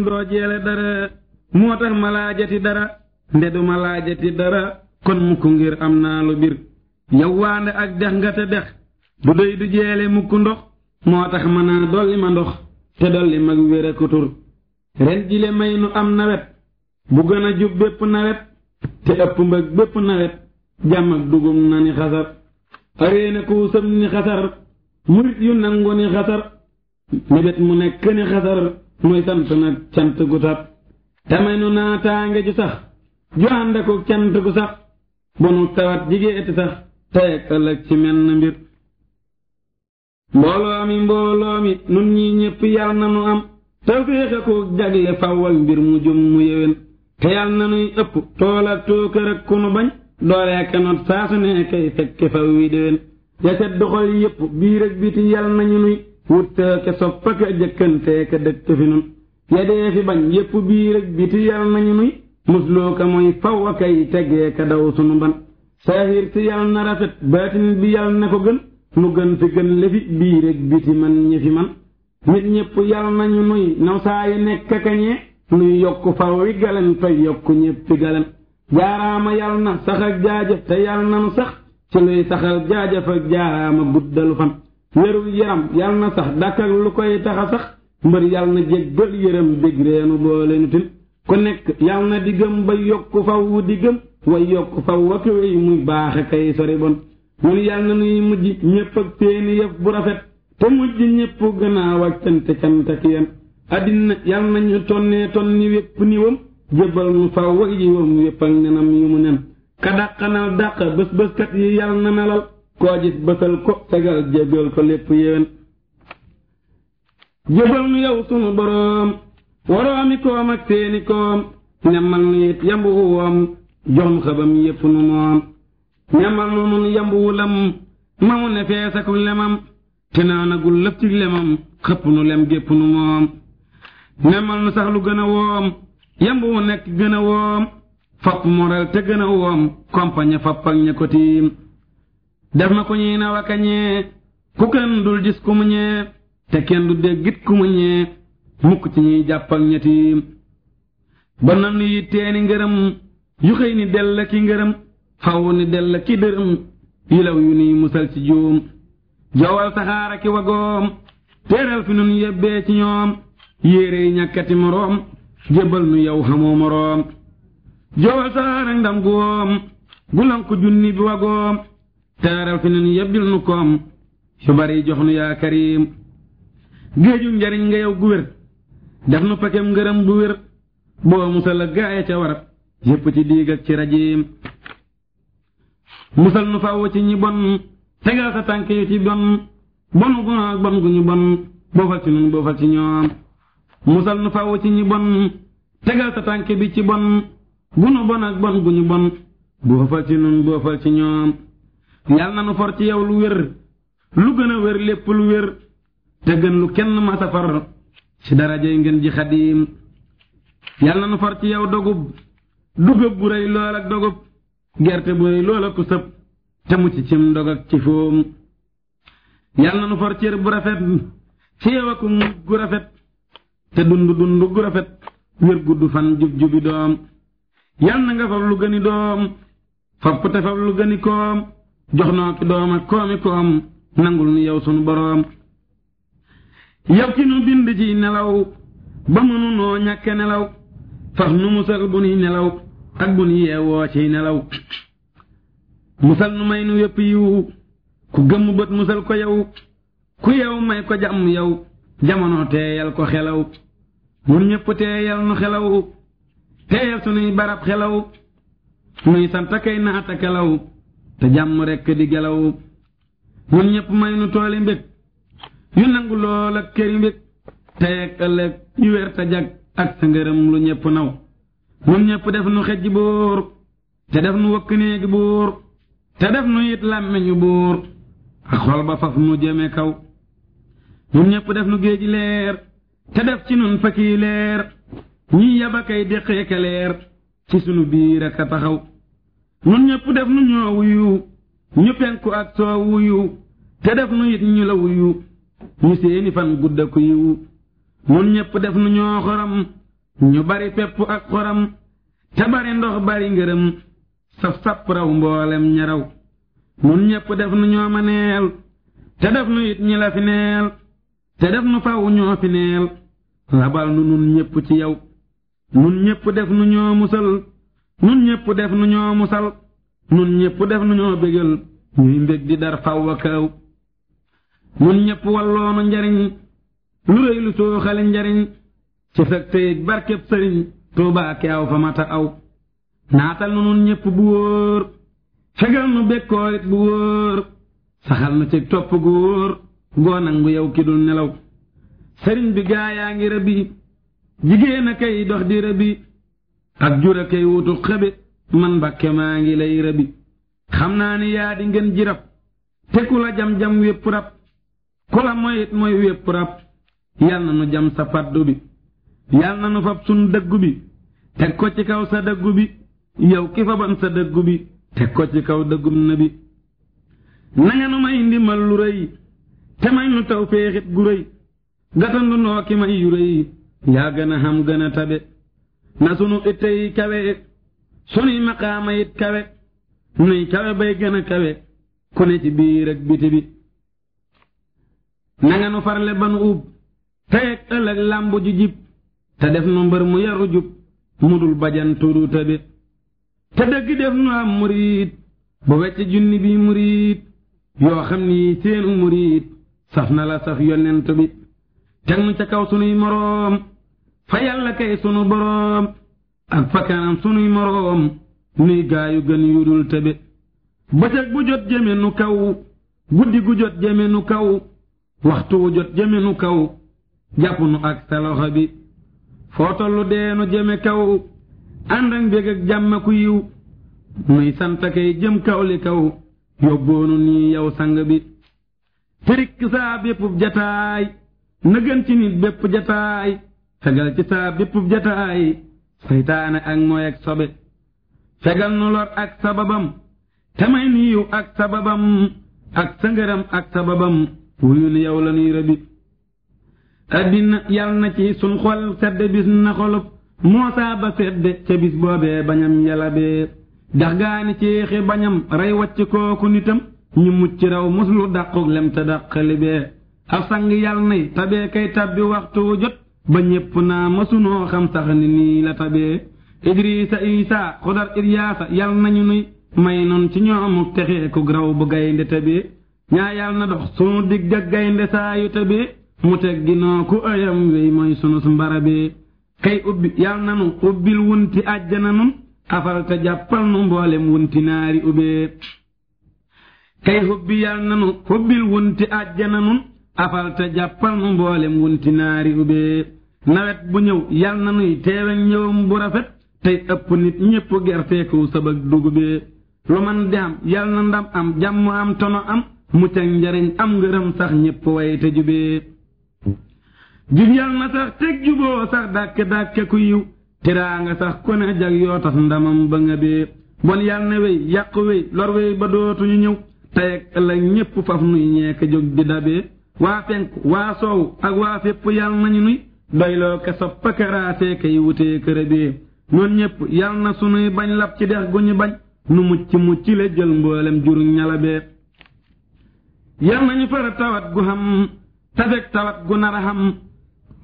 doo jeele dara moo tax ma laajati dara nde du ma laajati dara kon mukk ngir am naa lu bir yawwaande ak dex nga te dex du doy du jeele mukk ndox moo tax ma naa dolli ma ndox te dolli mag wér ren jile may nu am nawet bu gën a jub bépp nawet te ëpp mbëg bépp nawet jàmm ak dugum na ni xasar areena ku sëm ni xasar murit yu nangu ni xasar mébét mu nekk ni xasar mooy sant nag cant gu sax te may nu naataange ju sax ju ànd ak cant gu sax bu nu tawat jigéeti sax tey ak ëllëg menn mbir mbooloo mi mbooloo mi nun ñi ñépp yal na nu am tawféex ak jagle faw ak mbir mu jum mu yéwén te yal na nuy ëpp tool ak tookër nu bañ doole ak not saa su kay fekke faw wi ya set doxal yépp biir ak biti yal nañu nuy wutta ke soppa ka jëkkante a dëkk fi nun yadee fi bañ yépp biir ak biti yal nañu nuy musloo ka mooy faw a kay tegee ka daw sunu ban saahir si yal na rafet baatin bi yal na ko gën mu gën fi gën lefi biir ak biti man ñi man nit ñépp yal nañu nuy naw saa yi nekk kañee nuy yokk faw wi galen fay yokk ñéppi galen jaaraama yal na sax ak jaajëf te yal nanu sax ci luy saxal jaajëf jaaraama guddalu fan wéru yaram yàlla na sax dàkkak lu koy taxa sax mbër yàlla na jéggal yëram dég reenu boole nu til ku nekk yàlla na di gëm ba yokk faw di gëm way yokk faw ak wey muy baax a kay sori bon ñun na nuy mujj ñépp ak seeni bu rafet te mujj ñépp gannaaw a cant cant ak yéen addina yàlla nañu tonnee tonni wépp ni wam jëbal nu faw ak yiwam wépp ak nenam yu mu nen ka dàqanal dàq bés béskat yi yàlla na melal koo gis bësal ko tegal jégal ko lépp yéen jëfal nu yow sunu boroom waroomi koom ak koom ñamal nu it yambu woom joxum xabam yépp nu moom ñamal nu nun yambu wu lam mamu ne feesaku lemam te naanagul lëf ci lemam xëpp nu lem gépp nu moom ñamal nu sax lu gën woom yambu wu nekk gën woom fapp moral te gën a woom kompañe fapp ak ña ko tiim def na ko ñii na ka ñee ku dul gis ku mu ñee te kenn du déggit ku mu mukk ci ñuy jàpp ak ñetti ba nan yi teeni ngërëm yu xëy ni dell ki ngërëm xaw ni dell ki dërëm yilaw yu niy musal ci juum jowal saxaara ki wagoom teeral fi nun yebbee ci ñoom yéere yi ñàkkati moroom jébbal nu yow xamoo moroom jowal saxaara ndam gu woom gulan junni bi wagoom teeral fi nen yebbil nu koom yu bari yaa karim géeju njariñ nga yow gu nu pakem ngërëm bu wér boo musal la gaaya ca war yépp ci diig ak ci musal nu fàww ci ñi bon tegal tànk yu ci bon bonu gu ak bon gu boo fal ci nun boo fal ci ñoom musal nu fàww ci ñi bon tegal tànk bi ci bon gu nu bon ak boo fal ci nun boo fal ci ñoom yàlla na nu for ci yow lu wér lu gën a wér lépp lu wér gën lu kenn masa far ci darajey ngeen ji xadiim yàlla na nu for ci yow dogub dugub bu rëy lool ak dogub gerte bu rëy lool ak ku sëb te mucc ci foom yàlla na nu for cër bu rafet ci yow ak gu rafet te dund dund gu rafet wér fan jub doom yàlla na nga fab lu gëni doom fab ko te lu gëni koom jox na ki doom ak koomi koom nangul nu yow sunu boroom yow ki nu bind ci nelaw ba mënu noo ñàkk nelaw faf nu musal bu nuy nelaw ak bu nu yeewoo ciy nelaw musal nu may nu yépp yiw ku gëmm musal ko yow ku yow may ko jàmm yow jamono teeyal ko xelaw ñun ñëpp teeyal nu xelaw teeyal sunuy barab xelaw nuy sant kay naata kelaw te jàmm rekk di gelaw ñun ñëpp may nu tooli mbég yu nangu lool ak këri mbég tey ëllëg yu wér te jag ak sa lu ñëpp naw ñun ñëpp def nu xejj buur te def nu wëkk néegi buur def nu it làmmiñu buur ak xol ba faf nu jëme kaw ñun ñëpp def nu géeji leer te def ci nun fakki leer ñii yaba kay déqeeke leer ci sunu biir ak a taxaw nun ñëpp def nu ñoo wuyu ñu penku ak soo wuyu te def nu it ñu la wuyu ñu seeni fan gudda ku yiw nun ñëpp def nu ñoo xorom ñu bari pepp ak xorom te bari ndox bari ngërëm saf sàpp raw mboolem ñaraw nun ñëpp def nu ñoo ma neel te def nu it ñi la fi neel te def nu faw ñoo fi neel labal nu nun ñëpp ci yow nun ñëpp def nu ñoo musal nun ñépp def nu ñoo musal nun ñépp def nu ñoo bégal ñuy mbég di dar faw wa kaaw nun ñépp walloonu njariñ lu réy lu sooxali njariñ ci sag téyeg barkeb sëriñ tuubaa ki aw fa mata aw naatal nu nun ñépp bu nu békkoorit bu wóor saxal nu ci topp gu goo nangu yow ki dul nelaw sëriñ bi gaayaa ngi rëbbi jigéen a kay dox di rëbbi ak jura kay wutu xëbe man bakke maa ngi lay rëbi xam naa ni yaa di ngeen te ku la jam jam wépp rab ku yal na nu jam sa faddu bi yal na nu fab sun dëggu bi teg ko ci kaw sa dëggu bi yow ki faban sa dëggu bi ko ci kaw dëggum na bi nanga nu may ndimal lu rëy te may nu taw féexit gu rëy gatandu noo ki may yu rëy yaa gën a xam gën a na sunu itte yi kawe sunuy maqaama it kawe nuy kawe bay gën a kawe ku ne ci biir ak biti nanga nu farle ba nu uub tey ak ëllëg làmb ju jib def nu mbër mu yaru jub mu dul bajan tuudu tabe te dëgg def nu am muriid bu wecc junni bi muriid yoo xam ni seenu muriid saf na la saf yonent bi teg nu ca kaw sunuy moroom fa yàlla kay sunu boroom ak fa kanam sunuy moroom nuy gaayu gën yu dul tëbe bëccëg bu jot nu kaw guddi gu jot nu kaw waxtu wu nu kaw jàpp nu ak sa loxo bi foo tollu deenu jëme kaw ànd ak bég ak jàmm ku yiw nuy sant kay jëm kaw li nii yow sang bi tirik saa na gën ci nit fegal ci saa bépp jataay saytaane ak mooy ak sobe fegal nu lor ak sababam te may nu yiw ak sababam ak sa ngërëm ak sababam wuyu nu yow la nuy rëbi addina yal na ci sun xol sedd bis na xolub moosaa ba sedd ca bis boobee bañam yalabee dax gaani ceexi bañam rey wacc kooku nitam ñu ci raw muslu dàquk lem te dàqali bee ab sang yal nay tabee kay tabbi waxtu jot ba ñépp naa masunoo xam sax ni nii la tabee idrisa isa xodar idyaasa yal nañu nuy may noon ci ñoomu texee ku graw bu gaynde tabee ñaa yal na dox sunu digg gaynde saa yu tabee mu tegginoo ku ëyam wey mooy sunu mbarabee kay ubbi yal nanu ubbil wunti àjjana nun afal te jàppal nu mboolem wunti naari ubee kay hubbi yal nanu hubbil wunti àjjana nun afal te jàppal nu mboolem wunti naari ubee nawet bu ñëw yal na nuy teewe ñëwam bu rafet tey ëpp nit ñépp gerteeku sabag dugubee lu man di am yal na ndam am jàmm am tono am mu ak njariñ am ngërëm sax ñépp way te jubee jub yal na sax teg juboo sax dàkke dàkke ku yiw tiraanga sax ku jag yoo tax ndamam ba nga bee bon yal na wey yàqu wey lor wey ba dootuñu ñëw tey ak ëllëg ñépp faf nuy ñeeka jóg di dabee waa fenk waa soow ak waa fépp yàlla nañu nuy doyloo ke soppa karaatee kay wutee kërë bee ñoon ñépp yàlla na sunuy bañ lab ci dex gu ñu bañ nu mucc mucc la jël mboolem jur ñalabee yàlla nañu fara go gu xam tafek tawat gu nar a xam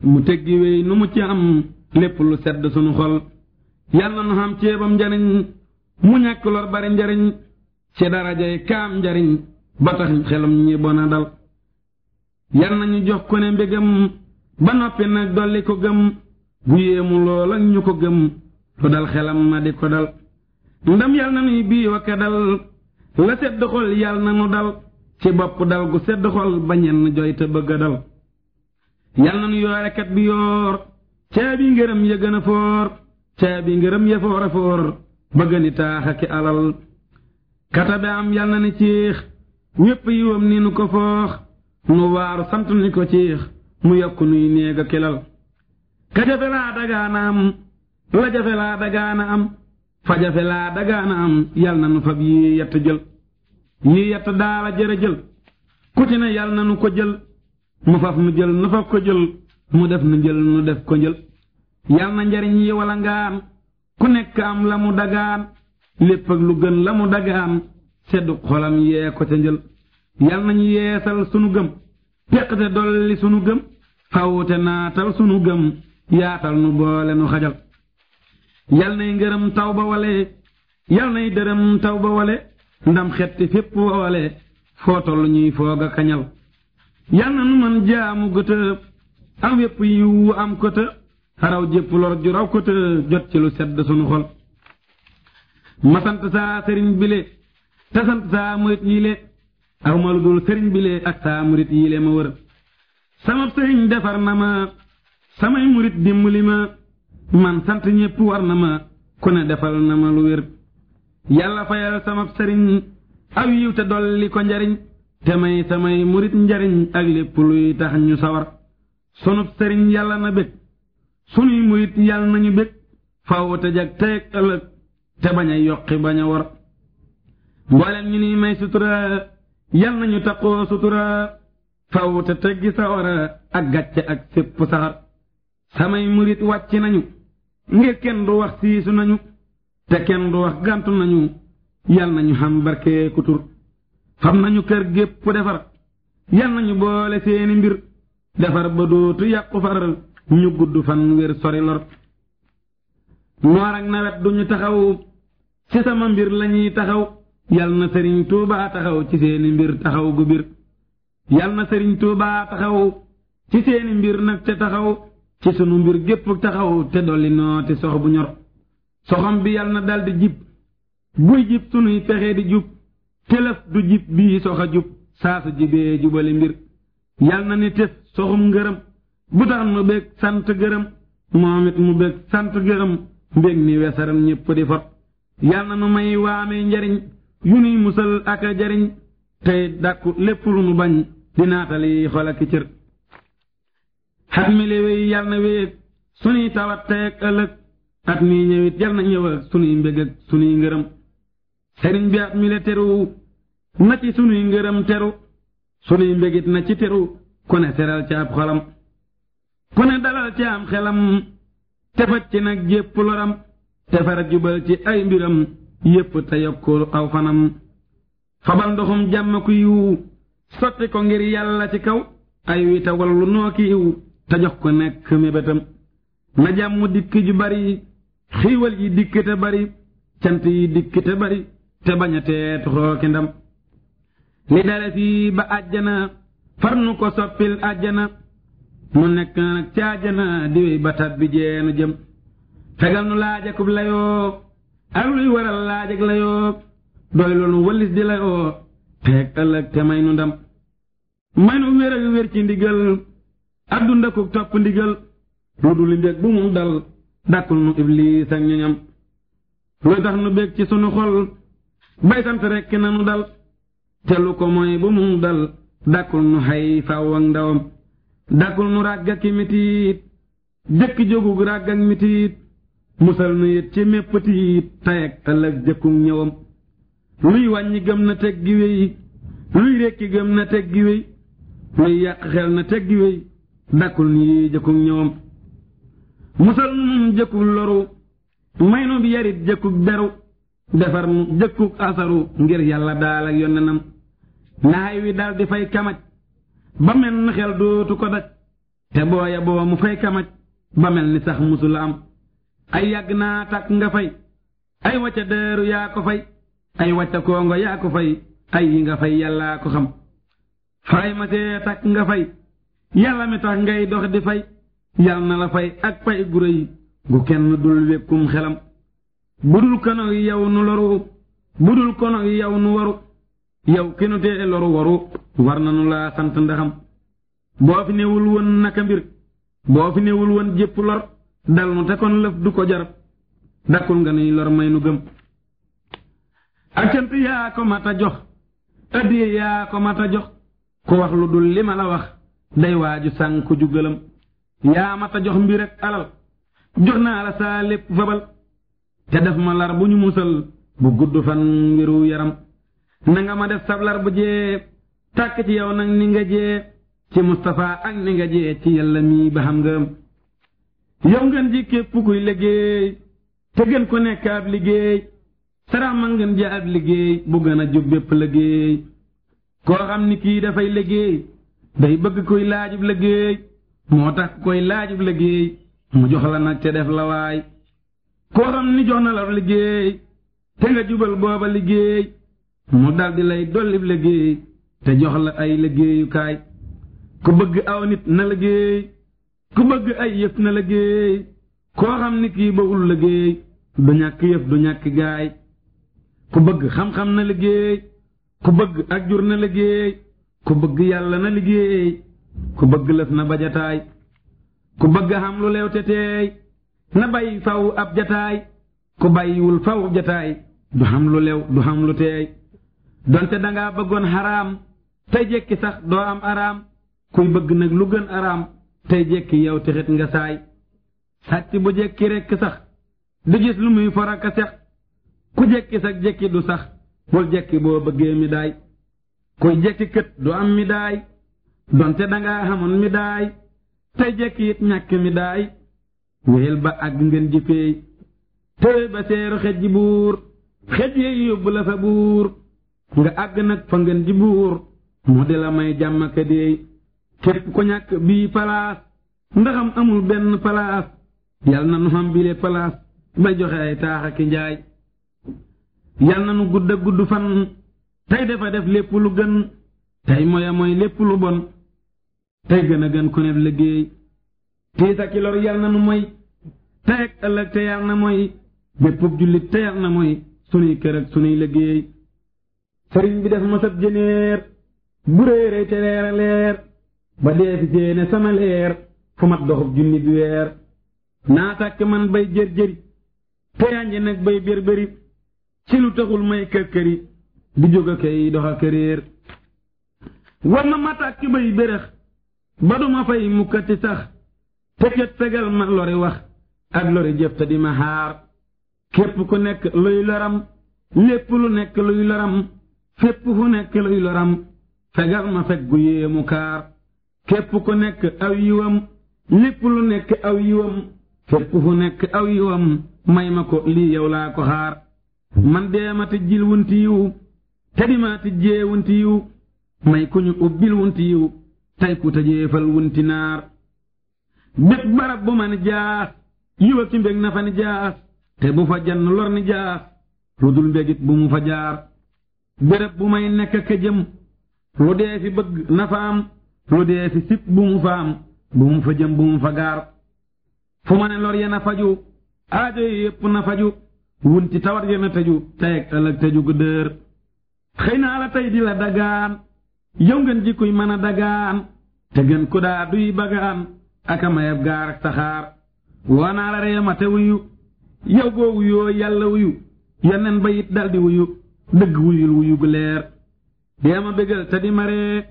mu teggi wéy nu mucc am lépp lu sedd sunu xol yàlla nu xam ceebam njariñ mu ñàkk lor bari njariñ ci darajay kaam njariñ ba tax xelum ñi bona dal yal nañu jox ko ne ba noppi nag dolli ko gëm gu yéemu lool ak ñu ko gëm lu dal ma di ko ndam yal na nuy bii wakke dal la sedd xol yal na nu dal ci bopp dal gu sedd ba ñenn joy te bëgg a dal yal na nu yoorekat bi yoor caabi ngërëm ya gën foor caabi ngërëm ya foor foor bëgg ni taax ak alal katabe am yal na ni ciix ñépp yiwam ni nu ko foox nu waaru sant ni ko ciix mu yokk nuy néega kelal ka jafe dagaana am la jafe laa dagaana am fa jafe laa dagaana am yal na nu fab yii yett jël yii yett daala jërë jël ku ci ne yal nu ko jël mu faf nu jël nu faf ko jël mu def nu jël nu def ko jël yal na njariñ yi wala ngaan ku nekk am la mu dagaan lépp ak lu gën la mu dagaan seddu xolam yee ko ca njël yal nañu yeesal sunu gëm teqte dolli sunu gëm fawte naatal sunu gëm yaatal nu boole nu xajal yal nay ngërëm taw ba wale yal nay dërëm taw ba wale ndam xetti fépp wale foo toll ñuy foog a kañal yal na nu jaamu gëtë am yépp yiwu am këtë xaraw jépp lor ju këtë jot ci lu sedd sunu xol ma saa sëriñ bile te saa moyit ñi le aw ma lu dul sëriñ bi lee ak saa murit yi lee ma wër sama sëriñ defar na ma samay murit dimbali ma man sant ñépp war na ma ku ne defal na ma lu wér fa fayal sama sëriñ aw yiw te dolli ko njariñ te may samay murit njariñ ak lépp luy tax ñu sawar sunu sëriñ yàlla na bég sunuy murit yàlla nañu bég faw te jag teeg ëllëg te bañ a yokki bañ a war mboolem ñu may sutura yal nañu taqoo sutura faw te teggi sawara ak gàcce ak sépp saxar samay murit wàcc nañu ngir kenn du wax siisu nañu te kenn du wax gàntu nañu yal nañu xam barkee ku tur fam nañu kër gépp defar yal nañu boole seeni mbir defar ba dootu yàqu far ñu gudd fan wér sori lor noor ak nawet duñu taxaw ci sama mbir lañuy taxaw yal na sëriñ tuuba taxaw ci seeni mbir taxaw gu bir yal na sëriñ tuuba taxaw ci seeni mbir nag te taxaw ci sunu mbir gépp taxaw te dolli nooti sox bu ñor soxam bi yal na daldi jib buy jib sunuy pexe di jub tëlëf du jib bii sox a jub saasu jibee jubale mbir yal na ni tes soxum ngërëm bu tax nu bég sant gërëm moom mu bég sant gërëm mbég ni wesaram ñépp di fot yal na nu may waamee njariñ yu nuy musal ak a jariñ tey dàkku lépp lu nu bañ di naatali xol ak cër xat mi le yal na wéeg sunuy tawat tey ak ëllëg at mi ñëwit yal na ñëw ak sunuy mbég ak sunuy ngërëm mi le teru na ci sunuy ngërëm teru sunuy mbégit na ci teru ku seral ci ab xolam dalal ci am xelam tefat ci nag jépp loram tefar jubal ci ay mbiram yépp te yokku aw fanam fabal ndoxum jàmm ku yiw sotti ko ngir yàlla ci kaw ay wi te wallu noo ki iw te jox ko nekk mébétam na jàmm dikk ju bari xiiwal yi dikk te bari cant yi dikk te bari te bañ a tee tuxoo ki li dale ba àjjana far nu ko soppil àjjana mu nekk nag ca àjjana di wéy ba tabbi jeenu jëm fegal nu laajakub layoo ak luy waral laaj ak layoog doy loonu wëllis di layoo teeg ëllëg te may nu ndam may nu wér ak wér ci ndigal addunda ko topp ndigal duudu li mbég bu mu dal dàkkul nu ibliis ak ñoñam luy tax nu bég ci sunu xol bay sant rekk na nu dal te lu ko mooy dal dàkkul nu xay faw ak ndawam dàkkul nu ràgg ak mitiit jëkki jógug ràgg ak mitiit musal nu it ci mépp tiit tey ak ëllëg jëkkum luy wàññi gëm na teg gi luy rekki gëm na teg gi wéy luy yàq xel na teg gi wéy dakkul nii jëkkum ñëwam musal nu jëkkuk loru may nu bi yarit jëkkuk beru defar nu jëkkuk asaru ngir yàlla daal ak yonnenam naxay wi dal di fay kamaj ba mel ni xel dootu ko daj te mu fay kamaj ba mel ni sax musul ay yàgg naa takk nga fay ay wacca dëeru yaa ko fay ay wacca koongo yaa ko fay ay yi nga fay yàllaa ko xam faray ma see takk nga fay yàlla mi tax ngay dox di fay yàlla na la fay ak pay gu rëy gu dul wékkum xelam budul kono yow nu loru budul kono yow nu waru yow ki nu tee loru waru war nanu laa sant ndaxam boo fi newul woon naka mbir boo fi newul woon jépp lor dal nu te kon lëf du ko jar dakkul nga nuy lor may nu gëm ak cant yaa ko mat a jox addiye yaa ko mat a jox ko wax lu dul li ma la wax day waaju sànku ju gëlëm yaa mat a jox mbir ak alal jox naa la saa lépp fabal def ma lar bu ñu musal bu gudd fan wiru yaram nanga ma def sablar bu jeeb tàkk ci yow nag ni nga jee ci Mustapha ak ni nga jee ci yàlla mii ba xam nga yow ngeen ji képp kuy liggéey te gën ko nekk ab liggéey sarax ma ngeen ji ab liggéey bu gën a jub bépp liggéey koo xam ni kii dafay liggéey day bëgg koy laajub liggéey moo tax koy laajub liggéey mu jox la nag te def la waay koo xam ni jox na la liggéey te nga jubal booba liggéey mu daldi lay dollib liggéey te jox la ay liggéeyukaay ku bëgg aw nit na liggéey ku bëgg ay yëf na liggéey koo xam ni kii bëggul liggéey du ñàkk yëf du ñàkk gaay ku bëgg xam-xam na liggéey ku bëgg ak jur na liggéey ku bëgg yàlla na liggéey ku bëgg lëf na ba jataay ku bëgg xam lu leew te teey na bay faw ab jataay ku bayiwul faw jataay du xam lu lew du xam lu teey donte dangaa bëggoon xaraam tey jekki sax doo am araam kuy bëgg nag lu gën aram tey jekki yow tixit nga saay sàcc bu jekki rekk sax du gis lu muy faraka sex ku jekki sax jekki du sax bul jekki boo bëggee mi daay kuy jekki kët du am mi daay donte dangaa xamoon mi daay tey jekki it ñàkk mi daay wéyal ba àgg ngeen ji feey téwé ba seeru xej buur xej yi yóbbu la fa buur nga àgg nag fa ngeen ji buur mu di la may jàmm ka képp ku ñàkk bii palaas ndaxam amul benn palaas yal na nu xam bile palaas ba joxe ay taax ak njaay yal na nu gudd a gudd fan tey dafa def lépp lu gën tey moya mooy lépp lu bon tey gën a gën ku ne liggéey tiit ak lor yal na nu moy tey ak ëllëg te yal na mooy bépp jullit te yal na mooy sunuy kër ak sunuy liggéey sëriñ bi def masab jëneer bu réeree te leer ba dee fi jéene sama leer fu mat doxub junni bi naa tàkk man bay jër te yànje nag bay bér ci lu taxul may kër di jóg a kay dox a këréer war na ma tàkk bay bérex ba duma fay mukkati sax te ket fegal ma lori wax ak lori jëf te di ma xaar képp ku nekk luy loram lépp lu nekk luy loram fépp fu nekk luy loram fegal ma feg gu kaar képp ku nekk aw yiwam lépp lu nekk aw yiwam képp nekk aw yiwam may ma ko lii yow laa ko xaar man deema tijjil wunti yiw te dimaa tijjee wunti yiw may ku ñu ubbil wunti yiw tey ku tëjeefal wunti naar bépp barab bu ma ni jaas yiw a ki ni jaas te bu fa lor ni jaas lu dul mbégit bu jaar béréb bu may nekk ka jëm bëgg na lu dee si sip bu mu fa am bu mu fa jëm bu mu fa gaar fu ma ne lor yéen a faju yi yépp na faju wun ci tawar yéen a tëju tey ak ëllëg tëju gu dër xëy naa la tey di la dagaan yow ngeen jikkuy mën a dagaan te gën ku daa duy bagaan ak a mayab gaar ak taxaar waanaa la ree ma te wuyu yow goo wuyoo yàlla wuyu yeneen ba it daldi wuyu dëgg wuyul wuyu gu leer dee ma bégal te di ma ree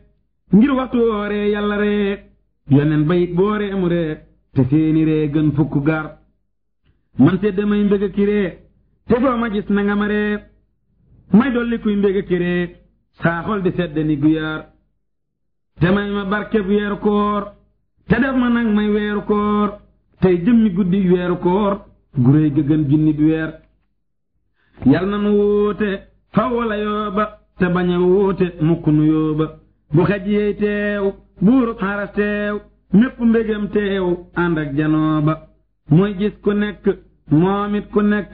ngir waxtu wooree yàlla ree yoneen bayit booree mu ree te seeni ree gën fukk gar man sedd may mbéga ki ree te foo ma gis nanga ma ree may dolli kuy mbéga ki ree saa xol di sedd ni guyaar te may ma barkeb weeru koor te def ma nag may weeru koor tey jëmmi guddi weeru koor guréy ga gën junni bi weer yal na nu wóote faw wala yooba te bañ a wóote mukk nu yooba bu xaj yey teew buurub xaras teew mépp mbégam teew ànd ak janoo ba muy gis ku nekk moom it nekk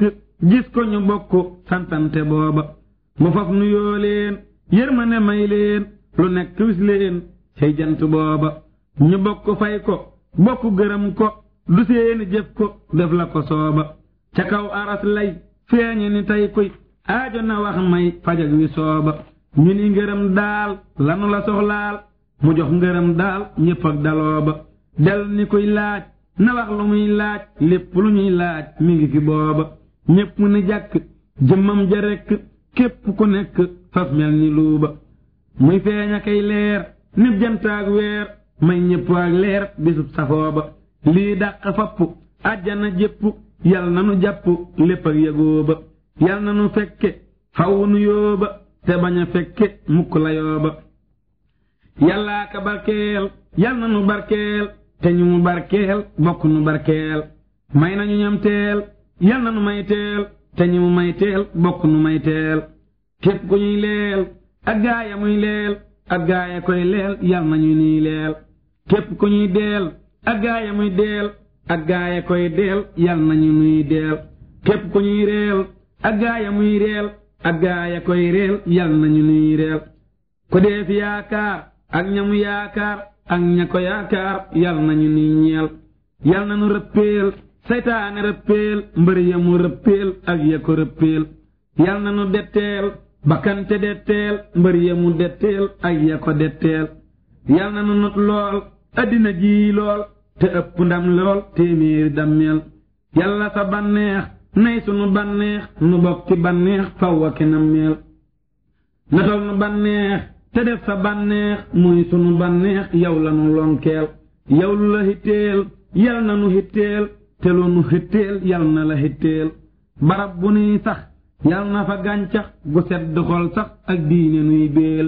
gis ko ñu bokk santante booba mu faf nu yoo leen yërmane may leen lu nekk wis leen cay jant booba ñu fay ko bokk gërëm ko du seeni ko def la ko sooba ca kaw aras lay feeñe ni tey kuy aajo na wax may fajag wi sooba ñu ni ngërëm daal lanu la soxlaal mu jox ngërëm daal ñépp ak daloo del ni koy laaj na wax lu muy laaj lépp lu ñuy laaj mi ngi ki booba ñépp ni jàkk jëmmam ja rekk képp ku nekk mel ni luuba muy feeñ akay leer nib jantaak weer may ñépp ak leer bisub safoo ba lii dàq fapp àjjana jépp yal na nu jàpp lépp yal na nu fekke faw te bañ a fekke mukk la yooba yàllaa ka barkeel yal na nu barkeel te ñu mu barkeel bokk nu barkeel may yal na nu may teel te ñu mu may teel bokk nu may teel képp ku ñuy leel ak gaaya muy ak gaaya koy leel yal nañu niy leel képp ku ñuy deel ak gaaya muy deel ak gaaya koy deel yal nañu nuy deel képp ku ñuy reel ak gaaya muy reel ak gaaya koy réel yal nañu nuy réel ko def yaakaar ak ñamu yaakaar ak ña yaakaar yal nañu nuy ñeel yal nañu rëppeel saytaane rëppeel mbër ya mu rëppeel ak ya ko rëppeel yal nañu detteel bakkante detteel mbër ya mu detteel ak ya ko detteel yal nañu not lool addina ji lool te ëpp ndam lool téeméeri dammeel yàlla sa banneex nay sunu banneex nu bokk ci banneex faw ak nammeel natal nu banneex te def sa banneex muy sunu banneex yow la nu lonkeel yow lu la hitteel yal na nu hitteel te lu nu hitteel yal na la hitteel barab bu nuy sax yal na fa gàncax gu set doxol sax ak diine nuy béel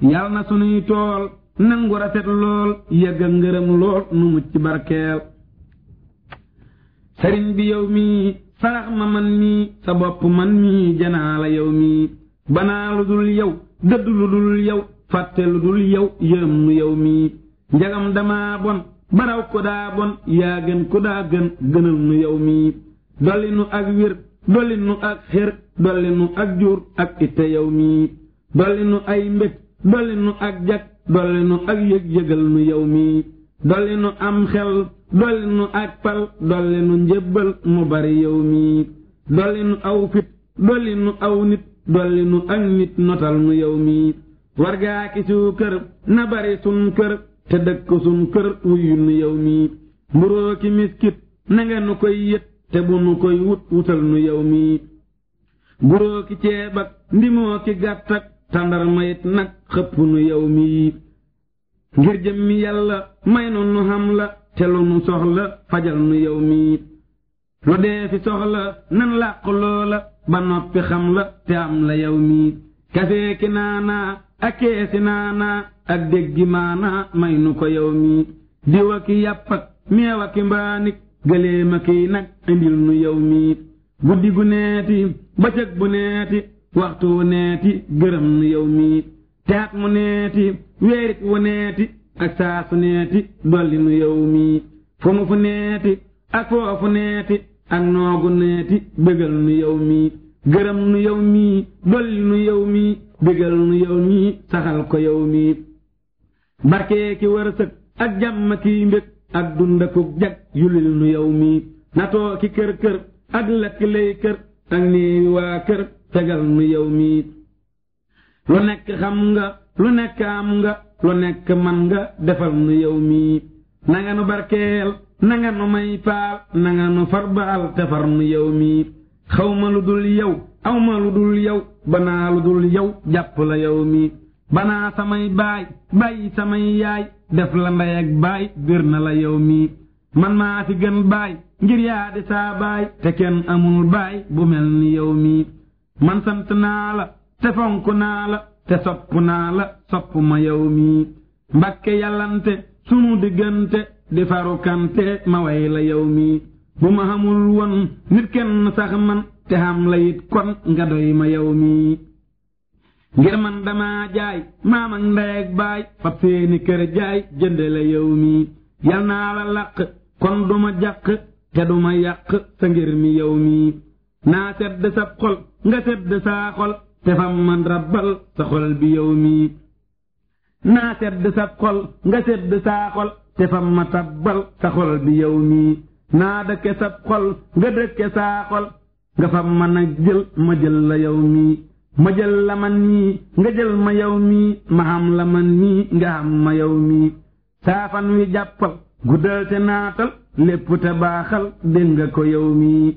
yal na sunuy tool nangu rafet lool yëgg a lool nu mucc barkeel sëriñ bi yow mii sarax ma man mii sa man mii janaa la yow mii banaa lu dul yow dëdd lu dul yow fàtte lu dul yow yërëm nu yow mii njagam damaa bon baraw kodaa bon yaa gën ko daa gën nu yow mii dolli nu ak wér dolli nu ak xér dolli nu ak jur ak itte yow mii dolli nu ay mbég dolli nu ak jag dolli nu ak yëg-yëgal nu yow mii dolli nu am xel dolli nu ak pal dolli nu njébbal mu bari yow mi dolli nu aw fit dolli nu aw nit dolli nu ak nit notal nu yow mi wargaa ki siw kër na bari sun kër te dëkk sun kër wuyu nu yow mburoo ki miskit nanga nu koy yët te bu nu koy wut wutal nu yow mi ki ceebak ndimoo ki gàttak tàndarma it nag xëpp nu yow ngir jëmmi yàlla may nu nu xam la te lu nu soxla fajal nu yow mii lu dee fi soxla nan làq loola ba noppi xam la te am la yow mii kafeeki naanaa ak keesi ak déggi maanaa may nu ko yow mii diwa ki yàpp ak meewa ki mbaanik gëléema kiy indil nu yow guddi gu neeti bëccëg bu neeti waxtu wu neeti gërëm nu yow mii taat mu neeti weerit wu neeti ak saasu neeti dolli nu yow mii fu mu fu neeti ak foofu neeti ak noogu neeti bëggal nu yow mii gërëm nu yow mii dolli nu yow mii bëggal nu yow mii saxal ko yow mii barkee ki wërsëg ak jàmm kiy mbég ak dundakuk jag yulil nu yow mii natoo ki kër kër ak lakk lay kër ak néewi waa kër fegal nu yow mii lu nekk xam nga lu nekk am nga lu nekk man nga defal nu yow mii na nga nu barkeel na nu may paal na nga nu far baal te far nu yow mii xaw ma lu dul yow aw ma lu dul yow banaa lu dul yow jàpp la yow mii banaa samay baay bàyyi samay yaay def la ndey ak baay bir na la yow mii man maa fi gën baay ngir yaa di saa baay te kenn amul baay bu mel ni yow mii man sant naa la te fonk naa la te sopp naa la sopp ma yow mii mbakke yàllante sunu diggante di farukante ma way la yow mii bu ma xamul woon nit kenn sax man te xam la kon nga doy ma yow mii man dama jaay maam ak ndey baay fab seeni kër jaay jënde la yow mii yal naa la lakk kon duma jàq te duma yàq sa mi yow naa sedd sab xol nga sedd saa xol te fam man rabbal sa xol bi yow mii naa sedd sa xol nga sedd saa te fam ma tabbal sa xol bi yow mii naa dëkke sa xol nga dëkke saa nga fam ma nag jël ma jël la yow mii ma jël la man mii nga jël ma yow mii ma xam la man mii nga xam ma yow mii saafan wi jàppal guddal te naatal lépp te baaxal dégg ko yow mii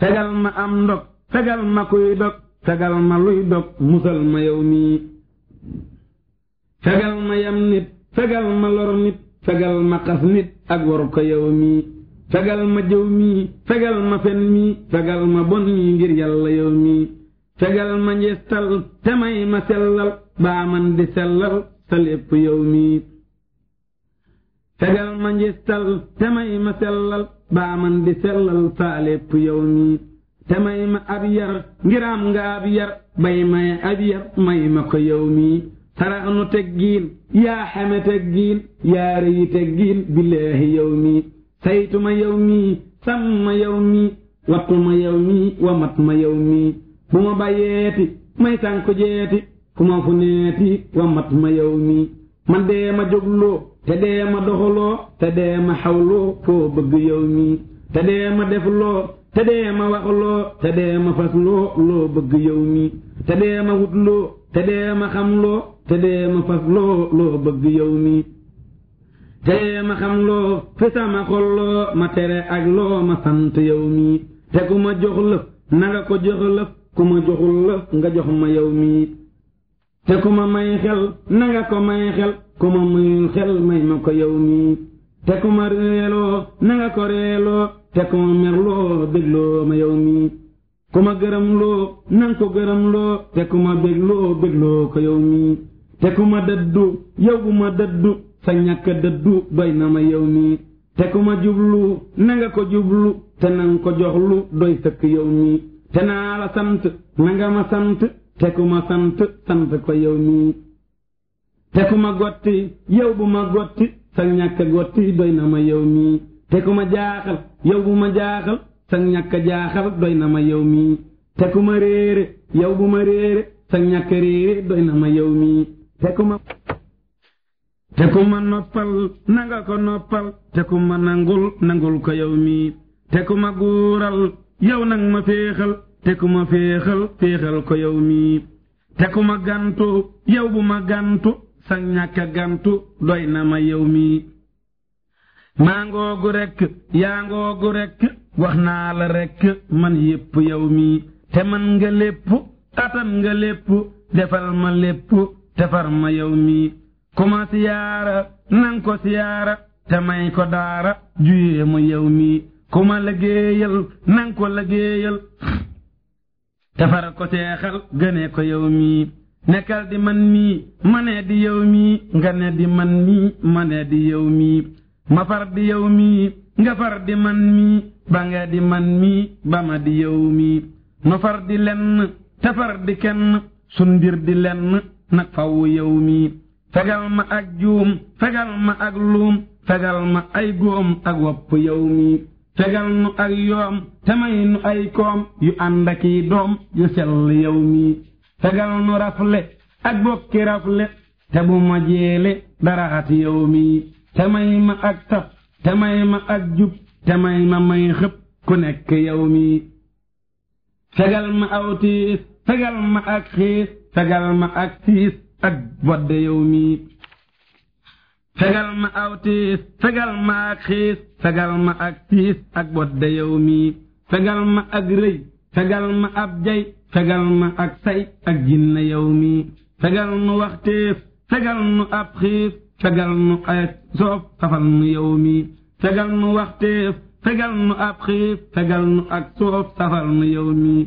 fegal ma am ndog fegal ma kuy dog fegal ma luy musal ma yow mii ma yam nit ma lor nit ma xas nit ak waru ko yow mii fegal ma jëw mii fegal ma fen mii fegal ma bon mii ngir yàlla yow mii fegal ma njistal ma sellal baa man sellal sa lépp yow mii fegal ma njistal te may ma sellal baa man sellal sa lépp yow te may ma ab yar ngiraam nga ab yar bay may ab may ma ko yow mii sarax nu teggiin yaa xame teggiin yaa rëyi teggiin billaahi yow mii saytu ma yow mii sam ma yow mii ma yow mii wamat ma yow bu ma bàyyeeti may sànku jeeti fu ma fu neeti wamat ma yow mii man dee ma jógloo te dee ma doxaloo te dee ma xawloo foo bëgg yow mii te dee ma defloo te dee ma wax loo te dee ma fas loo loo bëgg yow mi te dee ma wut loo te dee ma xam loo te dee ma fas loo loo bëgg yow mii te dee ma xam loo fi sama xol loo ma tere ak loo ma sant yow mi te ku ma jox lëf na ko jox lëf ku ma joxul lëf nga jox ma yow mi te ku ma may xel na ko may xel ku ma mayul xel may ma ko yow mi te ku ma reeloo na nga ko reeloo te ku ma merloo bégloo ma yow mi ku ma gërëmloo nan ko gërëmloo te ku ma bégloo bégloo ko yow mi te ku ma dëddu yow bu ma dëddu sa ñàkk dëddu doy na ma yow te ku ma jublu na nga ko jublu te nan ko joxlu doy sëkk yow mi te naa la sant na nga ma sant te ku sant sant ko yow te ku ma gotti yow bu ma gotti sa ñàkk gotti doy na ma yow mi te ma jaaxal yow ma jaaxal sa ñàkk a jaaxal doy na ma yow mii te ku ma réere yow bu ma réere sa ñàkk na ma yow mii te ma te ku ma noppal nanga ko noppal te nangul nangul ko yow mii te ma guural yow ma féexal te ku ma féexal ko yow mii te ma gantu yow bu ma gantu sa ñàkk gantu doy na ma yow mii maa ngoogu rekk yaa ngoogu rekk wax naa rekk man yépp yow mi te man nga lépp atam nga lépp defal ma lépp tefar ma yow mi ku ma siyaara nang ko siyaara te may ko daara juyee mu yow mi ku ma ko liggéeyal tefar ko seexal gënee ko yow mi nekkal di man mii ma nee di yow mi nga ne di man mii ma nee di yow mi ma far di yow nga far di man mii ba nga di man mii ba ma di yow mii nu far di lenn te far di kenn sun mbir di lenn nag fawwu yow mii fegal ma ak juum fegal ma ak luum fegal ma ay góom ak wopp yow fegal nu ak yoom te may nu ay koom yu ànd ak doom yu sell yow mii fegal nu rafle ak bokki rafle te bu ma jeele daraxat yow te may ma ak tab te may ma ak jub te may ma may xëpp ku nekk yow mii fegal ma aw tiis fegal ma ak xiis fegal ma ak tiis ak bodde yow mii fegal ma aw tiis ak xiis fegal ma ak yow mii jay fegal ma ak say ak jinne yow fegal nu waxteef fegal nu ab xiif fegal nu xayet soof nu yow mi fegal nu waxteef fegal nu ab xiif fegal nu ak safal nu yow mi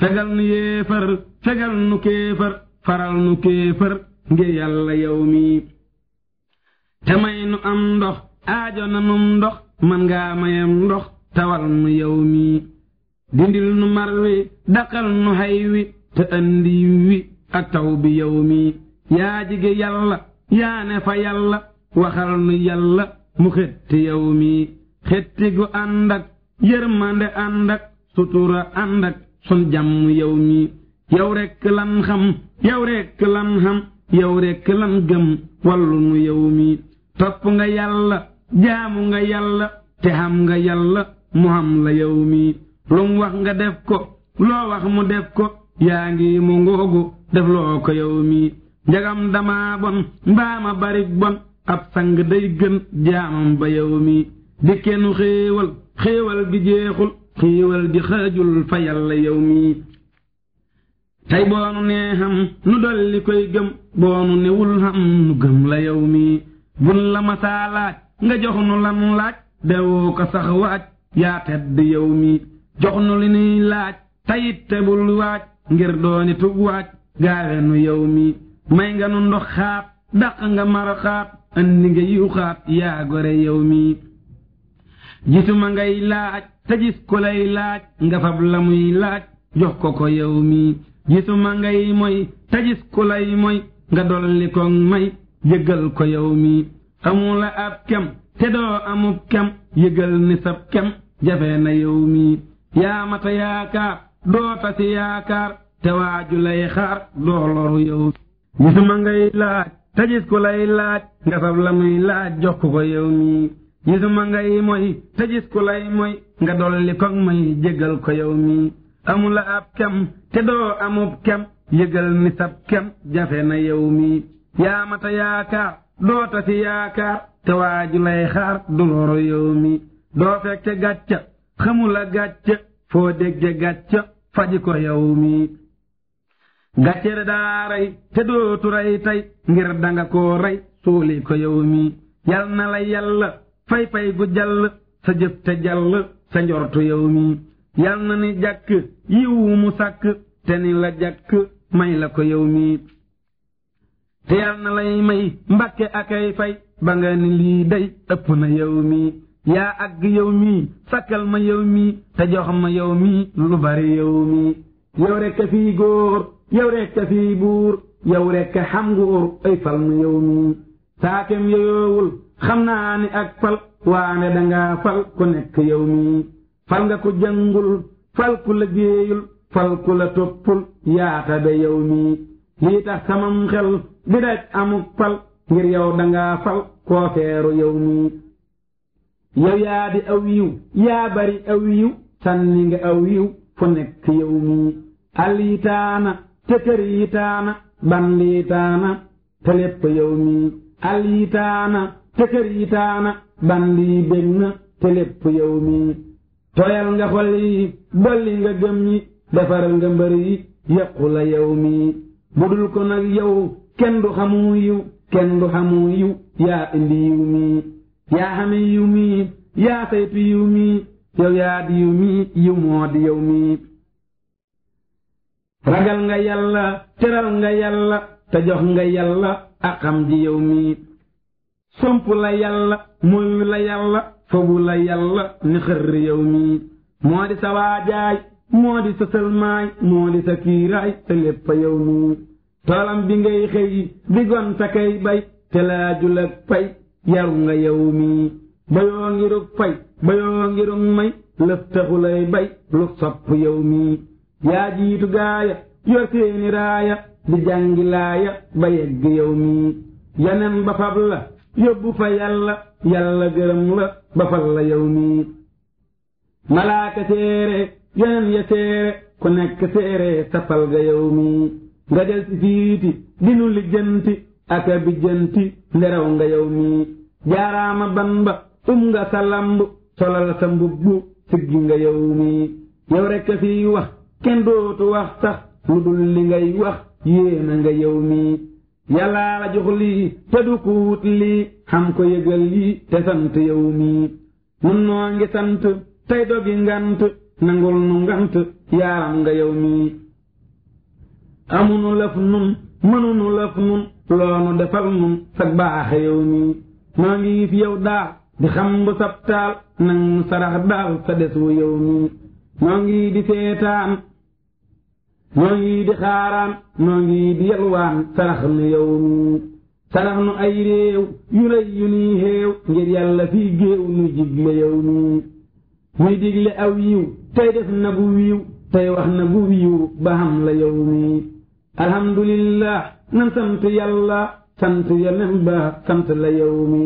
fegal nu yéefar fegal nu kéefar faral nu kéefar ngir yàlla yow mi te may nu am ndox aajo na num ndox man ngaa mayam ndox tawal nu yow dindil nu mar wi nu xay wi te andi taw bi yow mi yaa jige yaa fa yàlla waxal nu yàlla mu xetti yow mii xetti gu ànd ak yërmande ànd ak sutura sun jàmm yow mii yow rekk lan xam yow rekk xam yow rekk lan gëm wallu nu yow topp nga yàlla jaamu nga yàlla te xam nga yàlla mu xam la yow mii lum wax nga def ko loo wax mu def ko yaa ngi mu ngoogu def loo ko yow njagam dama bon mbaama barik bon ab sang day gën jaamam ba yow mi di kenn xéewal xéewal gi jeexul xéewal gi xaajul fa yàlla yow mi tey boonu nee nu dolli koy gëm boonu newul xam nu gëm la yow mi bun la masaa laaj nga jox nu lan laaj dewoo ko waaj yaa tedd yow mi jox nu li nuy laaj tayit tebul waaj ngir dooni tug waaj gaawe nu yow mi may nga nu ndox xaat dàq nga mara xaat andi nga yiw yaa gore yow mi gisuma ngay laaj te gis laaj nga fab la muy laaj jox ko ko yow mi gisuma ngay moy te gis ku lay moy nga dolli ko may yëgal ko yow mi amula ab kem te doo amub kem yëgal ni sab kem jafe na yow mi yaa mata yaakaar doo tasi yaakaar te waa lay xaar doo loru yow gisuma ngay laaj te ku lay laaj nga sab la laaj jox ko ko yow mii gisuma ngay moy te ku lay moy nga dolli koog may jégal ko yow mii amula ab kem te doo amub kem yëgal ni sab kem jafe na yow mii yaa mata yaakaar doo tasi yaakaar te waaju lay xaar du loro yow doo fekke gàcca xamula gàcca foo dégge gàcca faji ko yow mii gàcceel daa rey te dootu rey tey ngir danga ko rey suuli ko yow mii yal na la yàlla fay fay gu jàll sa jëf te jàll sa njortu yow mii yal na ni jàkk yiwu mu sàkk te ni la jàkk may la ko yow mii te yal na lay may mbakke akay fay ba nga ni lii day ëpp yow mii yaa àgg yow mii sakkal yow te jox ma yow mii lu bari yow yow rekk a fii buur yow rekk xam fal nu yow saakem yoyoowul xam naa ni ak fal waane dangaa fal ku nekk yow mii fal nga ko jàngul fal ku la géeyul fal ku la toppul yaata be yow mii lii tax samam xel di daj amuk fal ngir yow dangaa fal koo feeru yow mii yow yaa di aw yaa bari aw yiw nga aw fu nekk yow mii te kër yi taana ban lii taana te lépp yow mii al yi taana te kër yi taana ban lii bég na te lépp yow mii tooyal nga xol yi dolli nga gëm yi defaral nga mbër yi yëqu la yow mii budul ko nag yow kenn du xamu yiw kenn du xamu yiw yaa indi yiw mii yaa xame yiw mii yaa saytu yiw mii yow yaa di mii yiw moo di mii ragal nga yàlla teral nga yàlla te jox nga yàlla akam ji yow mii somp la yàlla moyu la yàlla fobu la yàlla ni xër yow mii moo di sa waajaay moo di sa sëlmaay moo sa kiiraay te lépp yow mii toolam bi ngay xëy di gon sa kay bay te laajul ak pay yaru nga yow mii bayoo ngirug pay bayoo ngirug may lëf taxulay bay lu sopp yow yaa jiitu gaaya yor seeni raaya di ba yegg yow mii yanen ba fab la yóbbu fa yàlla yàlla gërëm la ba fal la yow mii malaaka seere yanen ya seere ku nekk seere safal ga yow mii nga del si fiiti dinu lijjanti aka bijjanti nderaw nga yow mii jaaraama ban ba um nga sa lamb solal sa mbubbu siggi nga yow mii yow rekk wax kenn dootu wax sax lu dul li ngay wax yéena nga yow mi la jox lii te wut lii xam ko yëgal lii te sant yow mii nun noo ngi sant tey dogi ngant nangul nu ngant yaaram nga yow mii amunu lëf nun mënunu lëf nun loonu defal nun sag baaxe yow noo ngi fi yow daal di xam bu sab taal sarax daal sa des wu yow noo ngi di seetaan noo ngi di xaaraan noo ngi di yalwaan sarax nu yow sarax nu ay réew yu rëy yu nuy xéew ngir yàlla fi géew nu digle yow muy digle aw yiw tey def na bu wiiw tey wax na bu wiiw ba xam la yow mi alhamdulillah nan sant yàlla sant yeneen ba sant la yow mi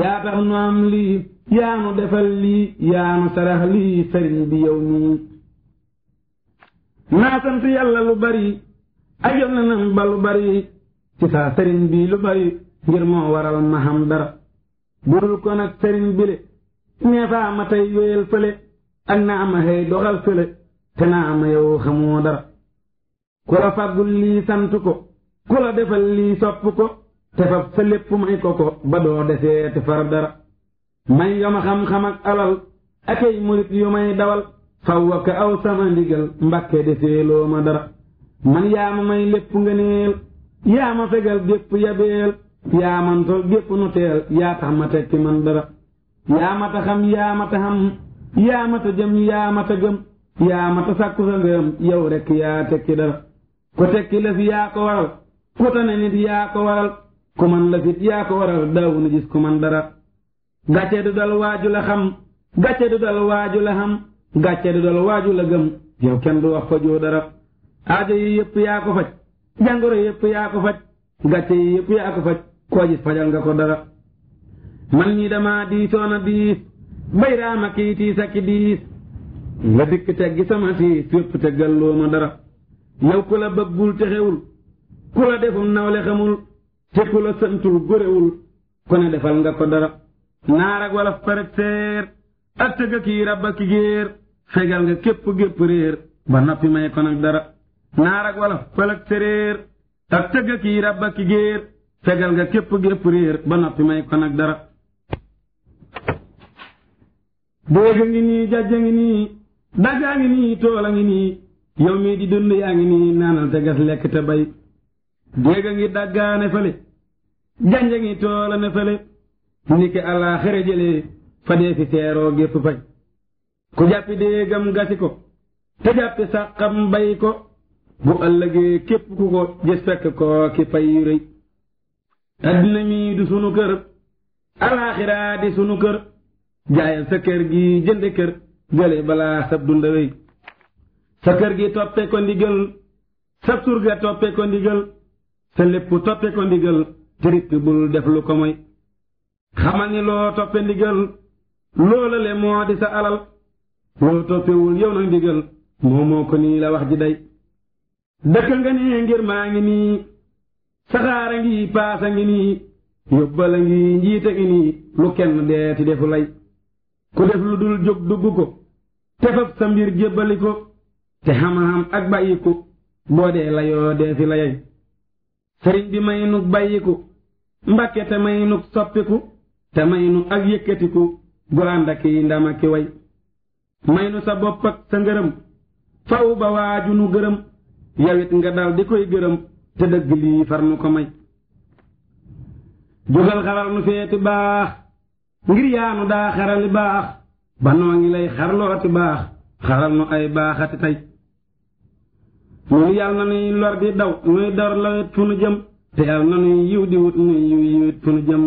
yaa tax nu am lii yaa nu defal lii yaa nu sarax lii sëriñ bi yow naa sant yàlla lu bari ak yonenam ba lu bari ci saa sëriñ bii lu bari ngir moo waral ma xam dara burul kon ak sëriñ bile neefaa ma tey wéyal fële ak naa ma doxal fële te naa ma yow xamoo dara ku la fàggul lii sant ko ku la defal lii sopp ko te fab sa lépp may ko ko ba doo desee far dara may yoma xam-xam alal akay murit yu may dawal fawwa ka aw sama ndigal mbakke defeeloo ma dara man yaa ma may lépp ngëneel yaa ma fegal gépp yabeel yaa mantol gépp noteel yaa tax ma tekki man dara yaa ma ta yaa ma ta yaa ma ta yaa ma ta yaa ma ta sa ngëm yow rekk yaa tekki dara ko tekki la fi yaa ko waral ku tane nit yaa ko waral ku man la yaa ko waral daaw na gis ku man dara gàcce du dal waaju la xam gàcce du dal waaju la xam gàcce du dal waaju la gëm yow kenn du wax fajoo dara aajo yi yëpp yaa ko faj jàngoro yëpp yaa ko faj gàcce yi yëpp yaa faj koo fajal nga ko dara man ñi dama diisoon a diis bay raama kii tiis ak diis nga dikk teggi sama siis yëpp teggal loo ma dara yow ku la bëggul te ku la deful nawle xamul te ku la santul góorewul ku ne defal nga ko dara naar ak wala farek seer ak tëgg kii rab ak ki géer fegal nga képp gépp réer ba noppi may ko dara naar ak wala séréer ak tëgg kii rabba ki géer fegal nga képp gépp réer ba noppi may ko dara déega ngi nii jajja ngi nii dajaa ngi nii toola ngi nii yow di dund yaa ngi nii naanal te lekk te bay déega ngi daggaa ne fële janja ngi toola ne fële niki àllaa xëre jëlee fa dee fi seeroo gépp faj ku jàppi déegam gasi ko te jàppi sàqam bay ko bu ëllëgee képp ku ko gis fekk koo ki fay rëy addina mi du sunu kër alaaxiraa di sunu kër jaayal sa kër gi jënd kër gële balaa sab dundawey sa kër gi toppe ko ndigal sab surga toppe ko ndigal sa lépp toppe ko ndigal tirit bul def lu ko moy xamal ni loo toppe ndigal loolale moo di sa alal loolu toppewul yow nag ndigal moo moo nii la wax ji day dëkk nga nee ngir maa ngi nii saxaara ngi paasa ngi nii yóbbala ngi njiita ngi lu kenn deeti defu lay ku def lu dul jóg dugg ko te fab sa mbir jébbali ko te xam-xam ak bàyyiku boo dee layoo dee fi layay sëriñ bi may nu bàyyiku mbàkke te may nu soppiku te may nu ak yëkkatiku gu ànd ak ndam ak way may nu sa bopp sa ngërëm faw ba waaju nu gërëm yawit nga dal di koy gërëm te dëgg lii far nu ko may jógal xaral nu feeti baax ngir yaanu daa xarali baax ba noo ngi lay xarlooti baax xaral nu ay baaxati tey ñun yàlla na nuy lor di daw nuy dor lawet fu nu jëm te yàlla na nuy yiw di wut nuy yiw yiwit fu nu jëm